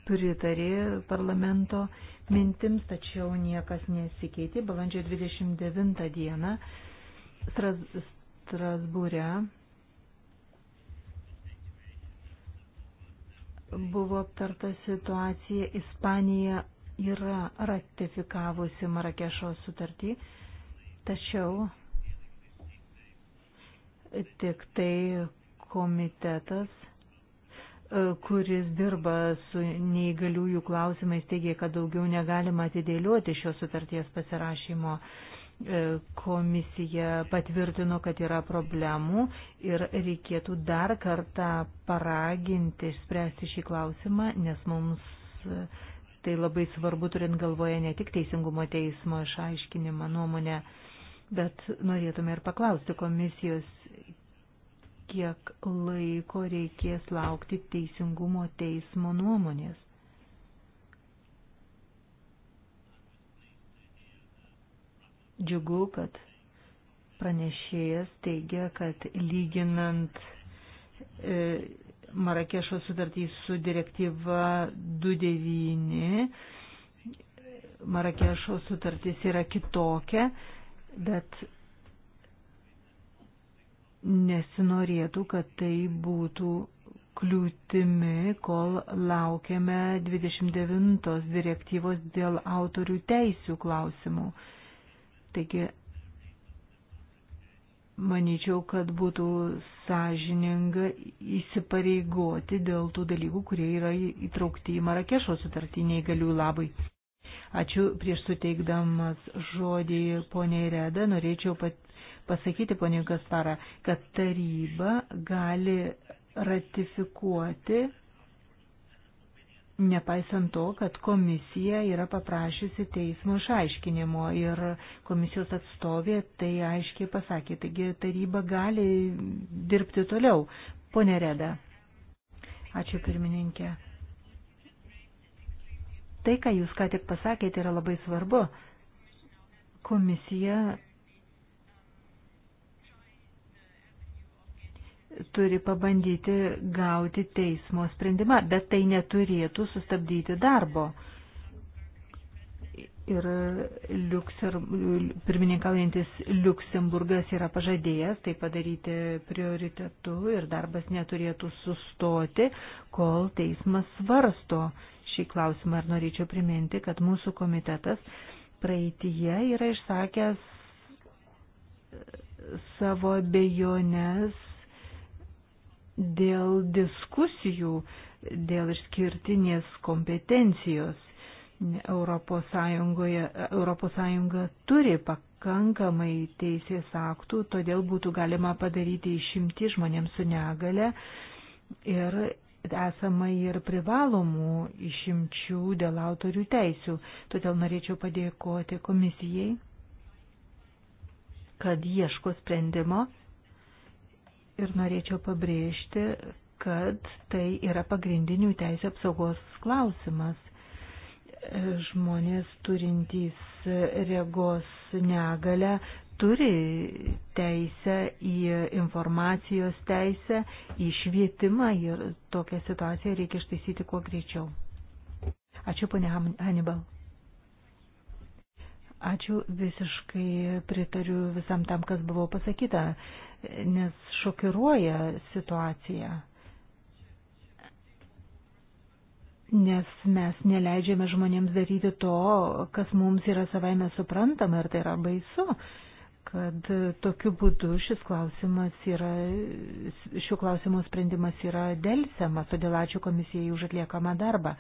pritarė parlamento mintims, tačiau niekas nesikeitė. Balandžio 29 dieną Strasbūre buvo aptarta situacija Ispanija yra ratifikavusi Marakešo sutartį, tačiau tik tai komitetas, e, kuris dirba su neįgaliųjų klausimais, teigia, kad daugiau negalima atidėlioti šios sutarties pasirašymo. E, komisija patvirtino, kad yra problemų ir reikėtų dar kartą paraginti išspręsti šį klausimą, nes mums tai labai svarbu turint galvoje ne tik teisingumo teismo išaiškinimą nuomonę, bet norėtume ir paklausti komisijos, kiek laiko reikės laukti teisingumo teismo nuomonės. Džiugu, kad pranešėjas teigia, kad lyginant e, Marakešo sutartį su direktyva 29, Marakešo sutartis yra kitokia, bet nesinorėtų, kad tai būtų kliūtimi, kol laukiame 29 direktyvos dėl autorių teisių klausimų. Taigi, manyčiau, kad būtų sąžininga įsipareigoti dėl tų dalykų, kurie yra įtraukti į Marakešo sutartį neįgaliųjų labai. Ačiū prieš suteikdamas žodį poniai Reda, norėčiau pat, pasakyti poniai Gasparą, kad taryba gali ratifikuoti Nepaisant to, kad komisija yra paprašiusi teismo išaiškinimo ir komisijos atstovė tai aiškiai pasakė, taigi taryba gali dirbti toliau. Pone Reda. Ačiū pirmininkė. Tai, ką jūs ką tik pasakėte, yra labai svarbu. Komisija turi pabandyti gauti teismo sprendimą, bet tai neturėtų sustabdyti darbo. Ir Liukser, pirmininkaujantis Luksemburgas yra pažadėjęs tai padaryti prioritetu ir darbas neturėtų sustoti, kol teismas svarsto šį klausimą. Ir norėčiau priminti, kad mūsų komitetas praeitie yra išsakęs savo bejonės dėl diskusijų, dėl išskirtinės kompetencijos. ES, ES turi pakankamai teisės aktų, todėl būtų galima padaryti išimti žmonėms su negale ir esama ir privalomų išimčių dėl autorių teisių. Todėl norėčiau padėkoti komisijai, kad ieško sprendimo ir norėčiau pabrėžti, kad tai yra pagrindinių teisų apsaugos klausimas. E, žmonės turintys regos negalę turi teisę į informacijos teisę, į švietimą ir tokią situaciją reikia ištaisyti kuo greičiau. Ačiū, ponė Hannibal. Ačiū, visiškai pritariu visam tam, kas buvo pasakyta nes šokiruoja situacija. Nes mes neleidžiame žmonėms daryti to, kas mums yra savaime suprantama ir tai yra baisu kad tokiu būdu šis klausimas yra, šių klausimų sprendimas yra dėlsiamas, todėl ačiū komisijai už atliekamą darbą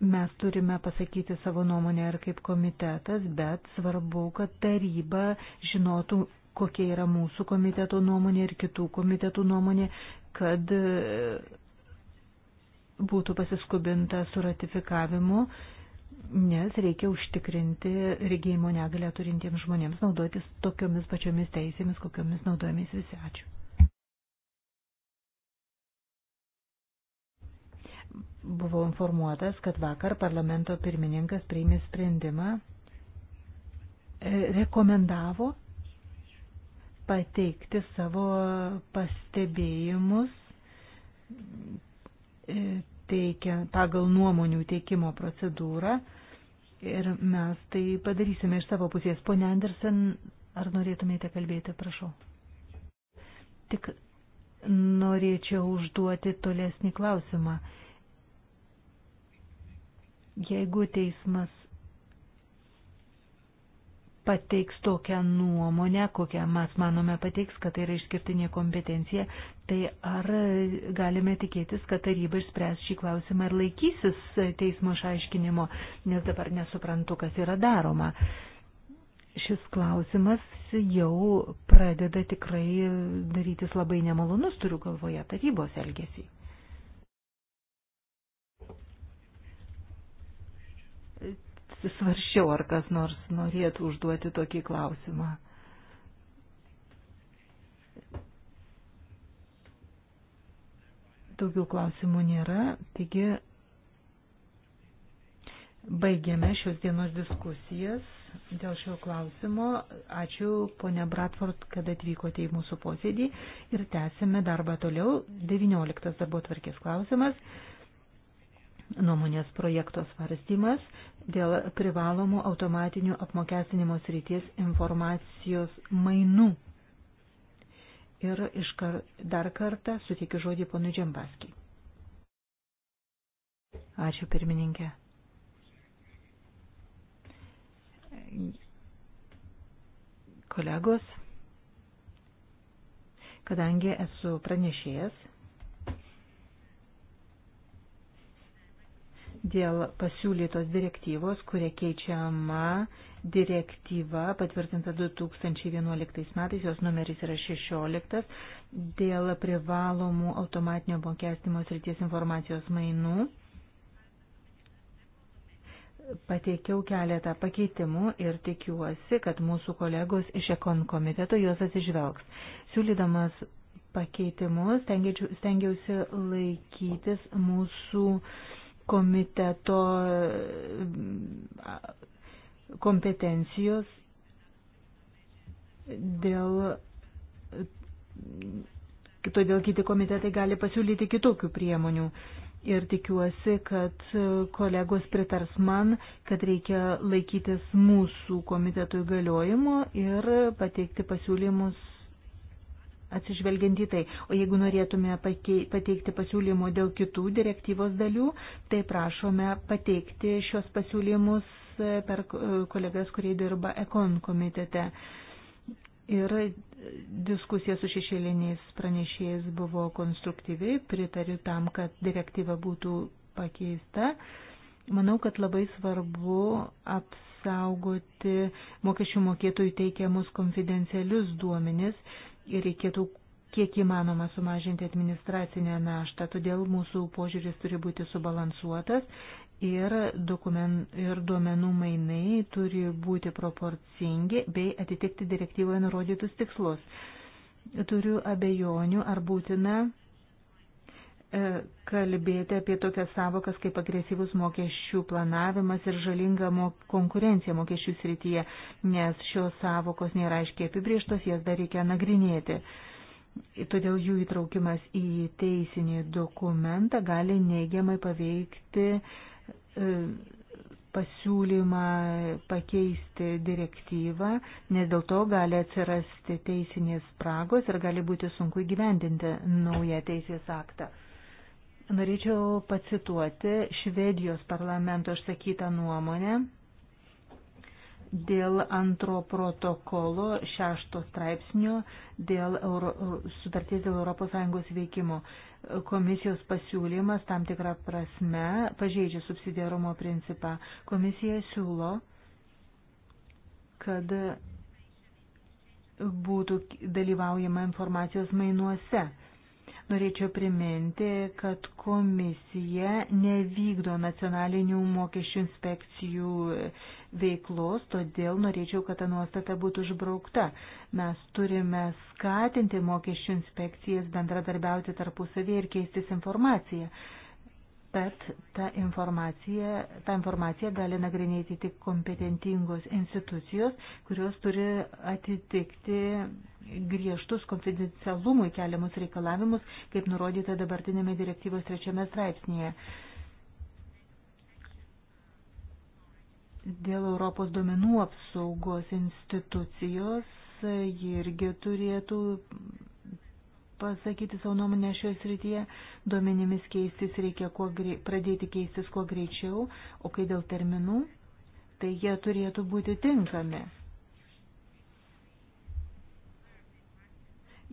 mes turime pasakyti savo nuomonę ir kaip komitetas, bet svarbu, kad taryba žinotų, kokia yra mūsų komiteto nuomonė ir kitų komitetų nuomonė, kad e, būtų pasiskubinta su ratifikavimu, nes reikia užtikrinti regėjimo negalę turintiems žmonėms naudotis tokiomis pačiomis teisėmis, kokiomis naudojamės visi. Ačiū. Buvau informuotas, kad vakar parlamento pirmininkas priimė sprendimą, e, rekomendavo pateikti savo pastebėjimus e, teikia, pagal nuomonių teikimo procedūrą ir mes tai padarysime iš savo pusės. Pone Andersen, ar norėtumėte kalbėti, prašau? Tik norėčiau užduoti tolesnį klausimą. Jeigu teismas pateiks tokią nuomonę, kokią mes manome pateiks, kad tai yra išskirtinė kompetencija, tai ar galime tikėtis, kad taryba išspręs šį klausimą ir laikysis teismo išaiškinimo, nes dabar nesuprantu, kas yra daroma. Šis klausimas jau pradeda tikrai darytis labai nemalonus, turiu galvoje, tarybos elgesį. svaršiau, ar kas nors norėtų užduoti tokį klausimą. Daugiau klausimų nėra, taigi baigiame šios dienos diskusijas dėl šio klausimo. Ačiū, ponia Bratford, kad atvykote į mūsų posėdį ir tęsime darbą toliau. 19 darbo tvarkės klausimas nuomonės projekto svarstymas dėl privalomų automatinių apmokestinimo srities informacijos mainų. Ir iš kar, dar kartą sutikiu žodį ponui Džembaskiai. Ačiū pirmininkė. Kolegos, kadangi esu pranešėjas dėl pasiūlytos direktyvos, kuria keičiama direktyva patvirtinta 2011 metais, jos numeris yra 16, dėl privalomų automatinio apmokestimo srities informacijos mainų. Pateikiau keletą pakeitimų ir tikiuosi, kad mūsų kolegos iš Ekon komiteto juos atsižvelgs. Siūlydamas pakeitimus stengiausi laikytis mūsų uh, komiteto kompetencijos dėl todėl kiti komitetai gali pasiūlyti kitokių priemonių. Ir tikiuosi, kad kolegos pritars man, kad reikia laikytis mūsų komiteto įgaliojimo ir pateikti pasiūlymus atsižvelgiant į tai. O jeigu norėtume pateikti pasiūlymų dėl kitų direktyvos dalių, tai prašome pateikti šios pasiūlymus e, per e, kolegas, kurie dirba ekon komitete. Ir diskusija su šešėliniais pranešėjais buvo konstruktyvi, pritariu tam, kad direktyva būtų pakeista. Manau, kad labai svarbu apsaugoti mokesčių mokėtojų teikiamus konfidencialius duomenis reikėtų kiek įmanoma sumažinti administracinę naštą, todėl mūsų požiūris turi būti subalansuotas ir, dokumen, ir duomenų mainai turi būti proporcingi bei atitikti direktyvoje nurodytus tikslus. Turiu abejonių, ar būtina E, kalbėti apie tokias savokas kaip agresyvus mokesčių planavimas ir žalinga mok konkurencija mokesčių srityje, nes šios savokos nėra aiškiai apibrieštos, jas dar reikia nagrinėti. Todėl jų įtraukimas į teisinį dokumentą gali neigiamai paveikti e, pasiūlymą pakeisti direktyvą, nes dėl to gali atsirasti teisinės spragos ir gali būti sunku įgyvendinti naują teisės aktą. Norėčiau pacituoti Švedijos parlamento išsakytą nuomonę dėl antro protokolo šešto straipsnio dėl Euro, sutarties dėl ES veikimo. Komisijos pasiūlymas tam tikrą prasme pažeidžia subsidiarumo principą. Komisija siūlo, kad būtų dalyvaujama informacijos mainuose Norėčiau priminti, kad komisija nevykdo nacionalinių mokesčių inspekcijų veiklos, todėl norėčiau, kad ta nuostata būtų užbraukta. Mes turime skatinti mokesčių inspekcijas bendradarbiauti tarpusavėje ir keistis informaciją bet tą informaciją, tą informaciją gali nagrinėti tik kompetentingos institucijos, kurios turi atitikti griežtus konfidencialumui keliamus reikalavimus, kaip nurodyta dabartinėme direktyvos trečiame straipsnėje. Dėl Europos duomenų apsaugos institucijos ji irgi turėtų pasakyti savo nuomonę šioje srityje. Duomenimis keistis reikia kuo grei, pradėti keistis kuo greičiau, o kai dėl terminų, tai jie turėtų būti tinkami.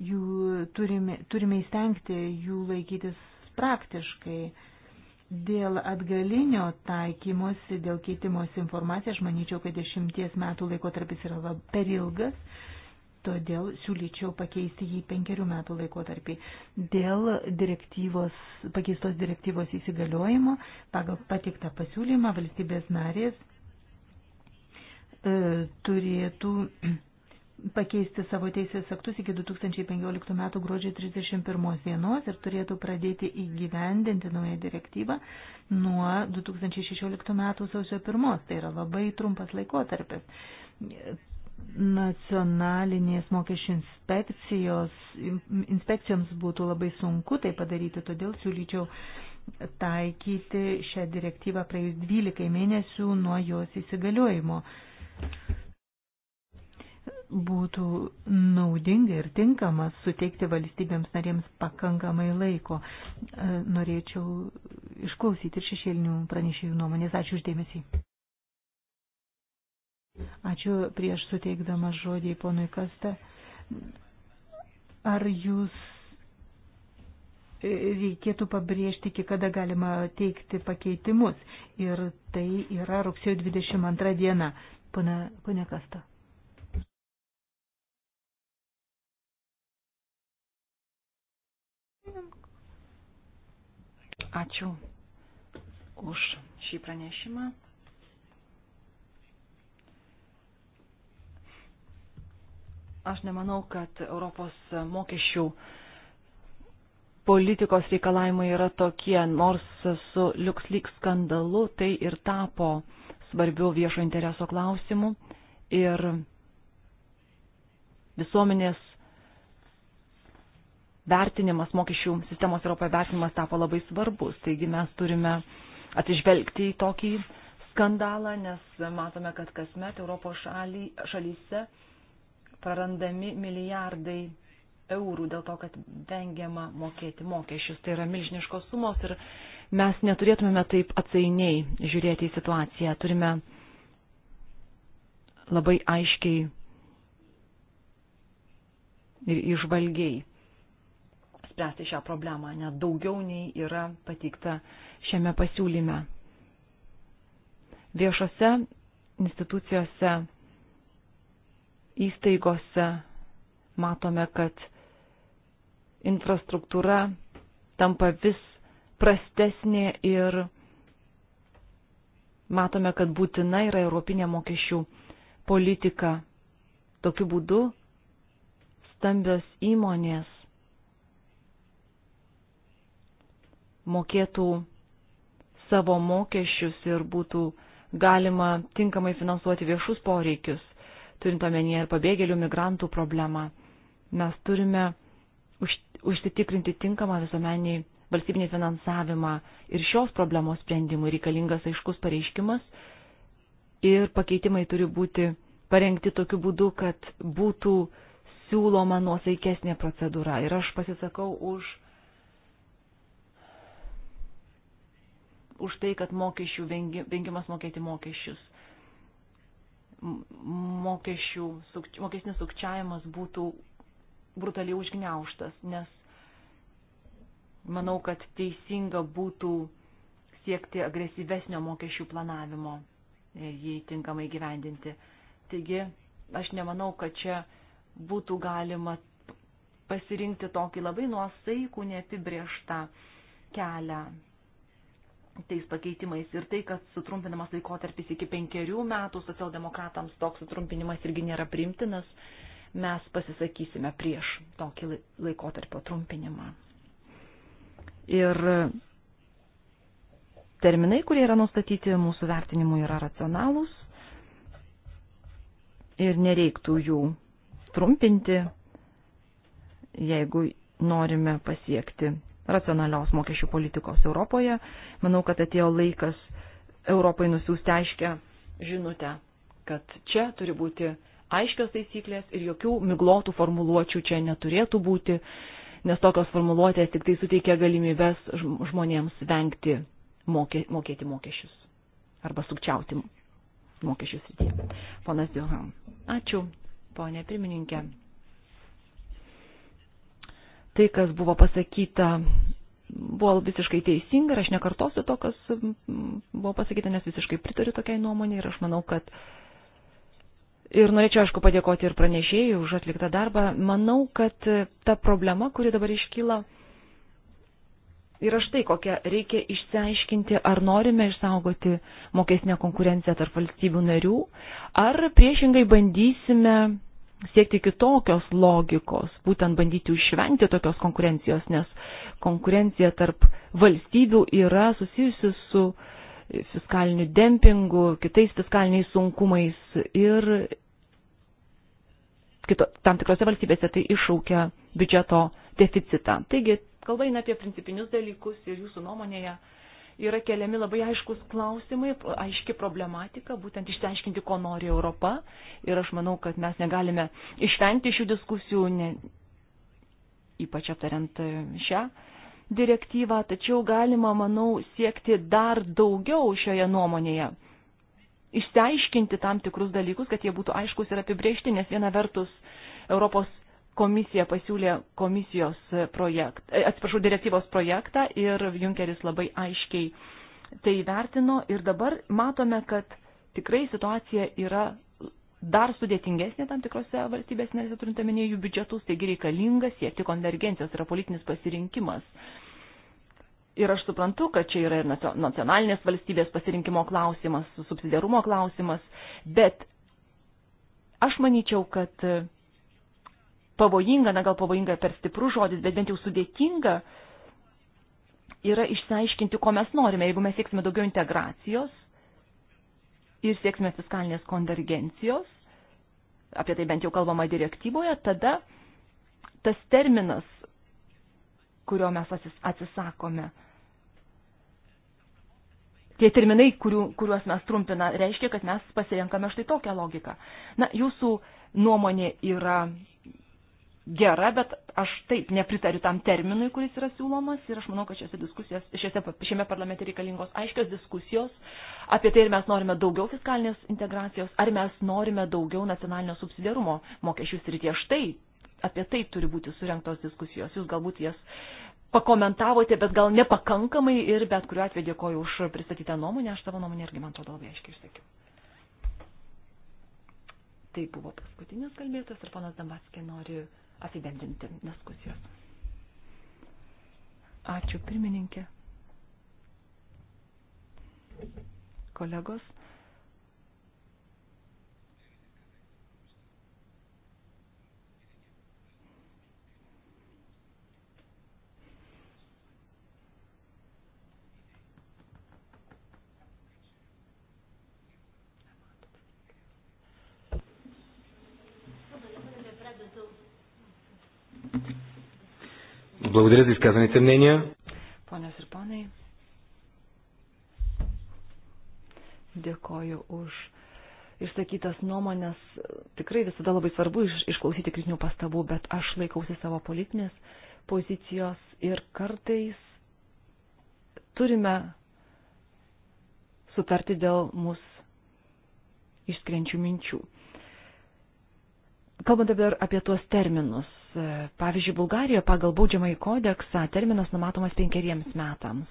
Jų turime, turime įstengti jų laikytis praktiškai. Dėl atgalinio taikymosi, dėl keitimos informacija, aš manyčiau, kad dešimties metų laikotarpis yra lab, per ilgas todėl siūlyčiau pakeisti jį penkerių metų laikotarpį. Dėl direktyvos, pakeistos direktyvos įsigaliojimo pagal patiktą pasiūlymą valstybės narės e, turėtų pakeisti savo teisės aktus iki 2015 metų gruodžio 31 dienos ir turėtų pradėti įgyvendinti naują direktyvą nuo 2016 metų sausio 1. Tai yra labai trumpas laikotarpis nacionalinės mokesčių inspekcijos, inspekcijoms būtų labai sunku tai padaryti, todėl siūlyčiau taikyti šią direktyvą praėjus 12 mėnesių nuo jos įsigaliojimo. Būtų naudinga ir tinkama suteikti valstybėms narėms pakankamai laiko. Norėčiau išklausyti ir šešėlinių pranešėjų nuomonės. Ačiū uždėmesį. Ačiū prieš suteikdama žodį ponui Kastą. Ar jūs e, reikėtų pabrėžti, iki kada galima teikti pakeitimus? Ir tai yra rugsėjo 22 diena. Pone Kasta. Ačiū už šį pranešimą. Aš nemanau, kad Europos mokesčių politikos reikalavimai yra tokie, nors su LuxLeak skandalu tai ir tapo svarbiu viešo intereso klausimu ir visuomenės vertinimas, mokesčių sistemos Europoje vertinimas tapo labai svarbus. Taigi mes turime atsižvelgti į tokį skandalą, nes matome, kad kasmet Europos šaly, šalyse prarandami milijardai eurų dėl to, kad vengiama mokėti mokesčius. Tai yra milžiniškos sumos ir mes neturėtumėme taip atsainiai žiūrėti į situaciją. Turime labai aiškiai ir išvalgiai spręsti šią problemą, net daugiau nei yra patikta šiame pasiūlyme. Viešose institucijose įstaigose matome, kad infrastruktūra tampa vis prastesnė ir matome, kad būtina yra europinė mokesčių politika. Tokiu būdu stambios įmonės mokėtų savo mokesčius ir būtų galima tinkamai finansuoti viešus poreikius turint omenyje ir pabėgėlių migrantų problemą. Mes turime užsitikrinti tinkamą visuomenį valstybinį finansavimą ir šios problemos sprendimui reikalingas aiškus pareiškimas ir pakeitimai turi būti parengti tokiu būdu, kad būtų siūloma nuosaikesnė procedūra. Ir aš pasisakau už, už tai, kad mokesčių vengimas mokėti mokesčius mokesčių, mokesnis sukčiavimas būtų brutaliai užgneuštas, nes manau, kad teisinga būtų siekti agresyvesnio mokesčių planavimo ir e, jį tinkamai gyvendinti. Taigi, aš nemanau, kad čia būtų galima pasirinkti tokį labai nuosaikų, neapibrieštą kelią tais pakeitimais ir tai, kad sutrumpinamas laikotarpis iki penkerių metų socialdemokratams toks sutrumpinimas irgi nėra primtinas, mes pasisakysime prieš tokį laikotarpio trumpinimą. Ir terminai, kurie yra nustatyti mūsų vertinimu, yra racionalūs ir nereiktų jų trumpinti, jeigu norime pasiekti racionalios mokesčių politikos Europoje. Manau, kad atėjo laikas Europai nusiųsti aiškę žinutę, kad čia turi būti aiškios taisyklės ir jokių miglotų formuluočių čia neturėtų būti, nes tokios formuluotės tik tai suteikia galimybės žmonėms vengti mokė, mokėti mokesčius arba sukčiauti mokesčius rytyje. Ponas Dilham. Ačiū, ponė pirmininkė tai, kas buvo pasakyta, buvo visiškai teisinga ir aš nekartosiu to, kas buvo pasakyta, nes visiškai pritariu tokiai nuomonė ir aš manau, kad ir norėčiau, aišku, padėkoti ir pranešėjai už atliktą darbą. Manau, kad ta problema, kuri dabar iškyla, yra štai kokia. Reikia išsiaiškinti, ar norime išsaugoti mokesnę konkurenciją tarp valstybių narių, ar priešingai bandysime siekti kitokios logikos, būtent bandyti išvengti tokios konkurencijos, nes konkurencija tarp valstybių yra susijusi su fiskaliniu dempingu, kitais fiskaliniais sunkumais ir kito, tam tikrose valstybėse tai iššaukia biudžeto deficitą. Taigi, kalba eina apie principinius dalykus ir jūsų nuomonėje yra keliami labai aiškus klausimai, aiški problematika, būtent išsiaiškinti, ko nori Europa. Ir aš manau, kad mes negalime išvengti šių diskusijų, ne, ypač aptariant šią direktyvą, tačiau galima, manau, siekti dar daugiau šioje nuomonėje. Išsiaiškinti tam tikrus dalykus, kad jie būtų aiškus ir apibriežti, nes viena vertus Europos komisija pasiūlė komisijos projektą, e, atsiprašau, direktyvos projektą ir Junkeris labai aiškiai tai vertino ir dabar matome, kad tikrai situacija yra dar sudėtingesnė tam tikrose valstybės narėse turint omenyje jų biudžetus, taigi reikalinga siekti konvergencijos, tai yra politinis pasirinkimas. Ir aš suprantu, kad čia yra ir nacionalinės valstybės pasirinkimo klausimas, subsidiarumo klausimas, bet aš manyčiau, kad pavojinga, na gal pavojinga per stiprus žodis, bet bent jau sudėtinga yra išsiaiškinti, ko mes norime. Jeigu mes sieksime daugiau integracijos ir sieksime fiskalinės konvergencijos, apie tai bent jau kalbama direktyvoje, tada tas terminas, kurio mes atsisakome, tie terminai, kurių, kuriuos mes trumpina, reiškia, kad mes pasirenkame štai tokią logiką. Na, jūsų nuomonė yra gera, bet aš taip nepritariu tam terminui, kuris yra siūlomas ir aš manau, kad šiose diskusijos, šiose, šiame parlamente reikalingos aiškios diskusijos apie tai, ar mes norime daugiau fiskalinės integracijos, ar mes norime daugiau nacionalinio subsidiarumo mokesčių srityje. Štai apie tai turi būti surinktos diskusijos. Jūs galbūt jas pakomentavote, bet gal nepakankamai ir bet kuriuo atveju dėkoju už pristatytą nuomonę, aš savo nuomonę irgi, man atrodo, labai aiškiai išsakiau. Tai buvo paskutinis kalbėtas ir panas Dambaskė nori apibendrinti diskusijos. Ačiū pirmininkė. Kolegos. Благодаря за изказаните мнения. Ponios ir ponai, dėkoju už išsakytas nuomonės. E, tikrai visada labai svarbu iš, išklausyti kritinių pastabų, bet aš laikausi savo politinės pozicijos ir kartais turime sutarti dėl mūsų išskrenčių minčių. Kalbant dabar apie tuos terminus, E, pavyzdžiui, Bulgarijoje pagal baudžiamąjį kodeksą terminas numatomas penkeriems metams.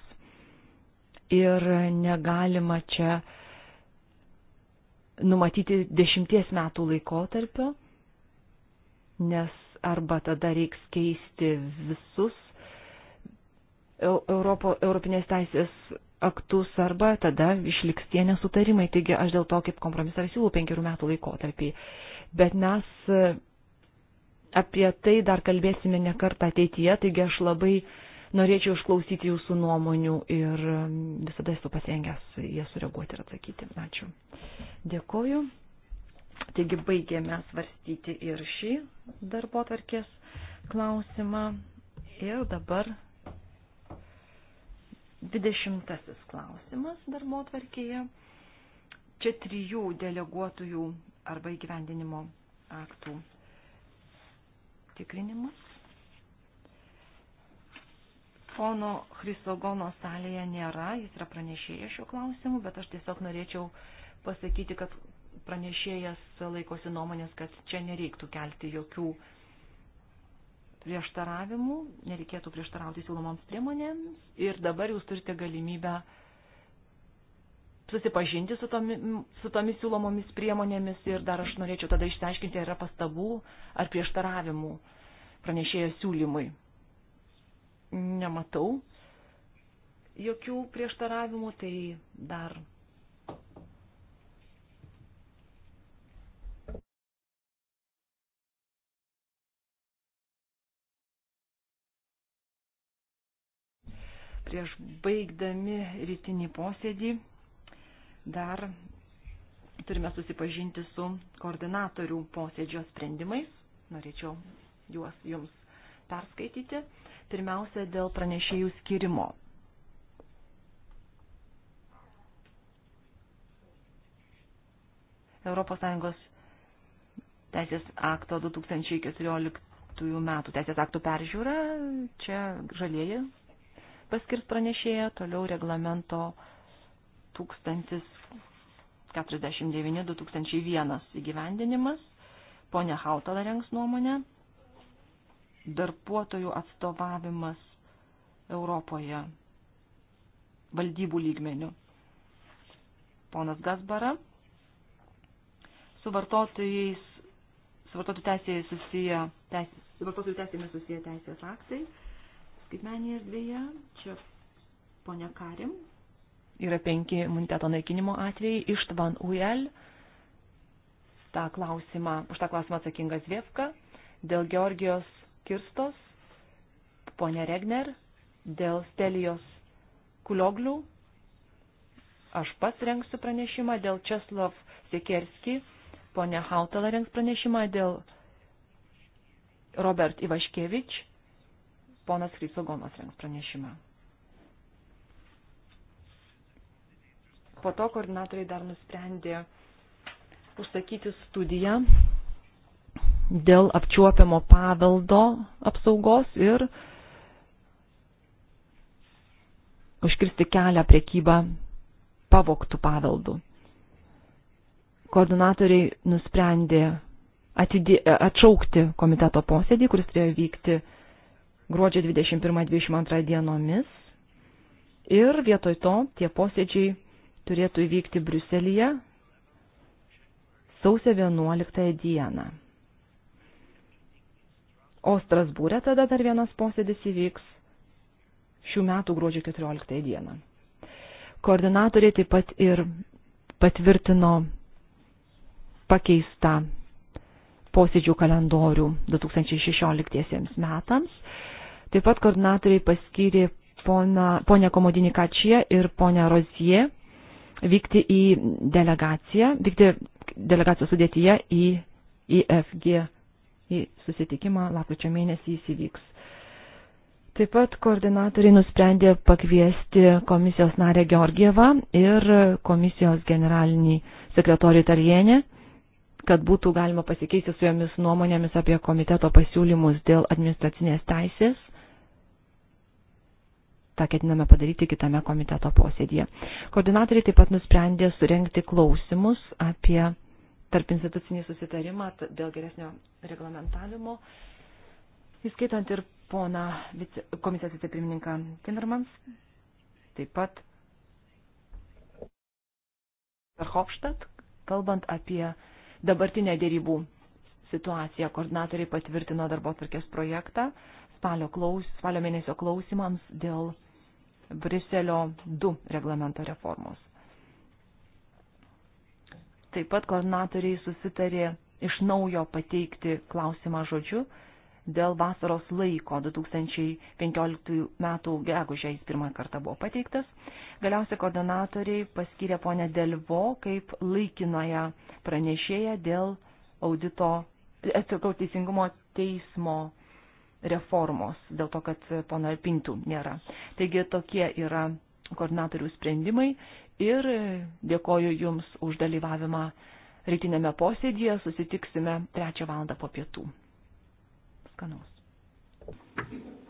Ir negalima čia numatyti dešimties metų laikotarpio, nes arba tada reiks keisti visus Europo, Europinės teisės aktus, arba tada išliks tie nesutarimai. Taigi aš dėl to kaip kompromisą siūlau penkerių metų laikotarpį. Bet mes apie tai dar kalbėsime ne kartą ateityje, taigi aš labai norėčiau išklausyti jūsų nuomonių ir um, visada esu pasirengęs jie sureaguoti ir atsakyti. Ačiū. Dėkoju. Taigi baigėme svarstyti ir šį darbo tarkės klausimą. Ir dabar 20 klausimas darbo tvarkėje. Čia trijų deleguotųjų arba įgyvendinimo aktų tikrinimas. Pono Chrisogono salėje nėra, jis yra pranešėjas šiuo klausimu, bet aš tiesiog norėčiau pasakyti, kad pranešėjas laikosi nuomonės, kad čia nereiktų kelti jokių prieštaravimų, nereikėtų prieštarauti siūlomoms priemonėms ir dabar jūs turite galimybę uh, susipažinti su, tomi, su tomis siūlomomis priemonėmis ir dar aš norėčiau tada išsiaiškinti, ar yra pastabų ar prieštaravimų pranešėjo siūlymui. Nematau jokių prieštaravimų, tai dar. Prieš baigdami rytinį posėdį dar turime susipažinti su koordinatorių posėdžio sprendimais. Norėčiau juos jums perskaityti. Pirmiausia, dėl pranešėjų skirimo. ES teisės akto 2014 metų teisės aktų peržiūra, čia žalieji paskirs pranešėją, toliau reglamento 2014 1049-2001 įgyvendinimas. Pone Hautala rengs nuomonę. Darbuotojų atstovavimas Europoje valdybų lygmenių. Ponas Gasbara. Su vartotojais, su vartotojų teisėje susiję, teisė, su vartotojų teisėmis susiję teisės aktai. Skaitmenėje erdvėje. Čia ponia Karim yra penki imuniteto naikinimo atvejai. Ištvan Uel, tą klausimą, už tą klausimą atsakingas Vievka, dėl Georgijos Kirstos, ponė Regner, dėl Stelijos Kulioglių, aš pats rengsiu pranešimą, dėl Česlov Siekerski, ponė Hautala rengs pranešimą, dėl Robert Ivaškevič, ponas Krysogonas rengs pranešimą. po to koordinatoriai dar nusprendė užsakyti studiją dėl apčiuopiamo paveldo apsaugos ir užkirsti kelią priekybą pavoktų paveldų. Koordinatoriai nusprendė atidė, atšaukti komiteto posėdį, kuris turėjo vykti gruodžio 21-22 dienomis. Ir vietoj to tie posėdžiai turėtų įvykti Briuselėje sausio 11 dieną. O Strasbūrė tada dar vienas posėdis įvyks šių metų gruodžio 14 dieną. Koordinatoriai taip pat ir patvirtino pakeistą posėdžių kalendorių 2016 metams. Taip pat koordinatoriai paskyrė ponę Komodinį Kačiją ir ponę Rozie vykti į delegaciją, vykti delegacijos sudėtyje į IFG į susitikimą lapkričio mėnesį jis įvyks. Taip pat koordinatoriai nusprendė pakviesti komisijos narę Georgievą ir komisijos generalinį sekretorių Tarienę, kad būtų galima pasikeisti su jomis nuomonėmis apie komiteto pasiūlymus dėl administracinės teisės tą ketiname padaryti kitame komiteto posėdėje. Koordinatoriai taip pat nusprendė surenkti klausimus apie tarp institucinį susitarimą dėl geresnio reglamentavimo, įskaitant ir pona komisijos vicepirmininką Timmermans, taip pat Verhofstadt, kalbant apie dabartinę dėrybų situaciją, koordinatoriai patvirtino darbo tvarkės projektą spalio, klaus, spalio mėnesio klausimams dėl Briselio 2 reglamento reformos. Taip pat koordinatoriai susitarė iš naujo pateikti klausimą žodžiu dėl vasaros laiko 2015 metų gegužė jis pirmą kartą buvo pateiktas. Galiausiai koordinatoriai paskyrė ponę Delvo kaip laikinoje pranešėją dėl audito, atsakau, teisingumo teismo reformos, dėl to, kad pono Pintų nėra. Taigi tokie yra koordinatorių sprendimai ir dėkoju Jums už dalyvavimą rytinėme posėdėje. Susitiksime trečią valandą po pietų. Skanaus. Thank you.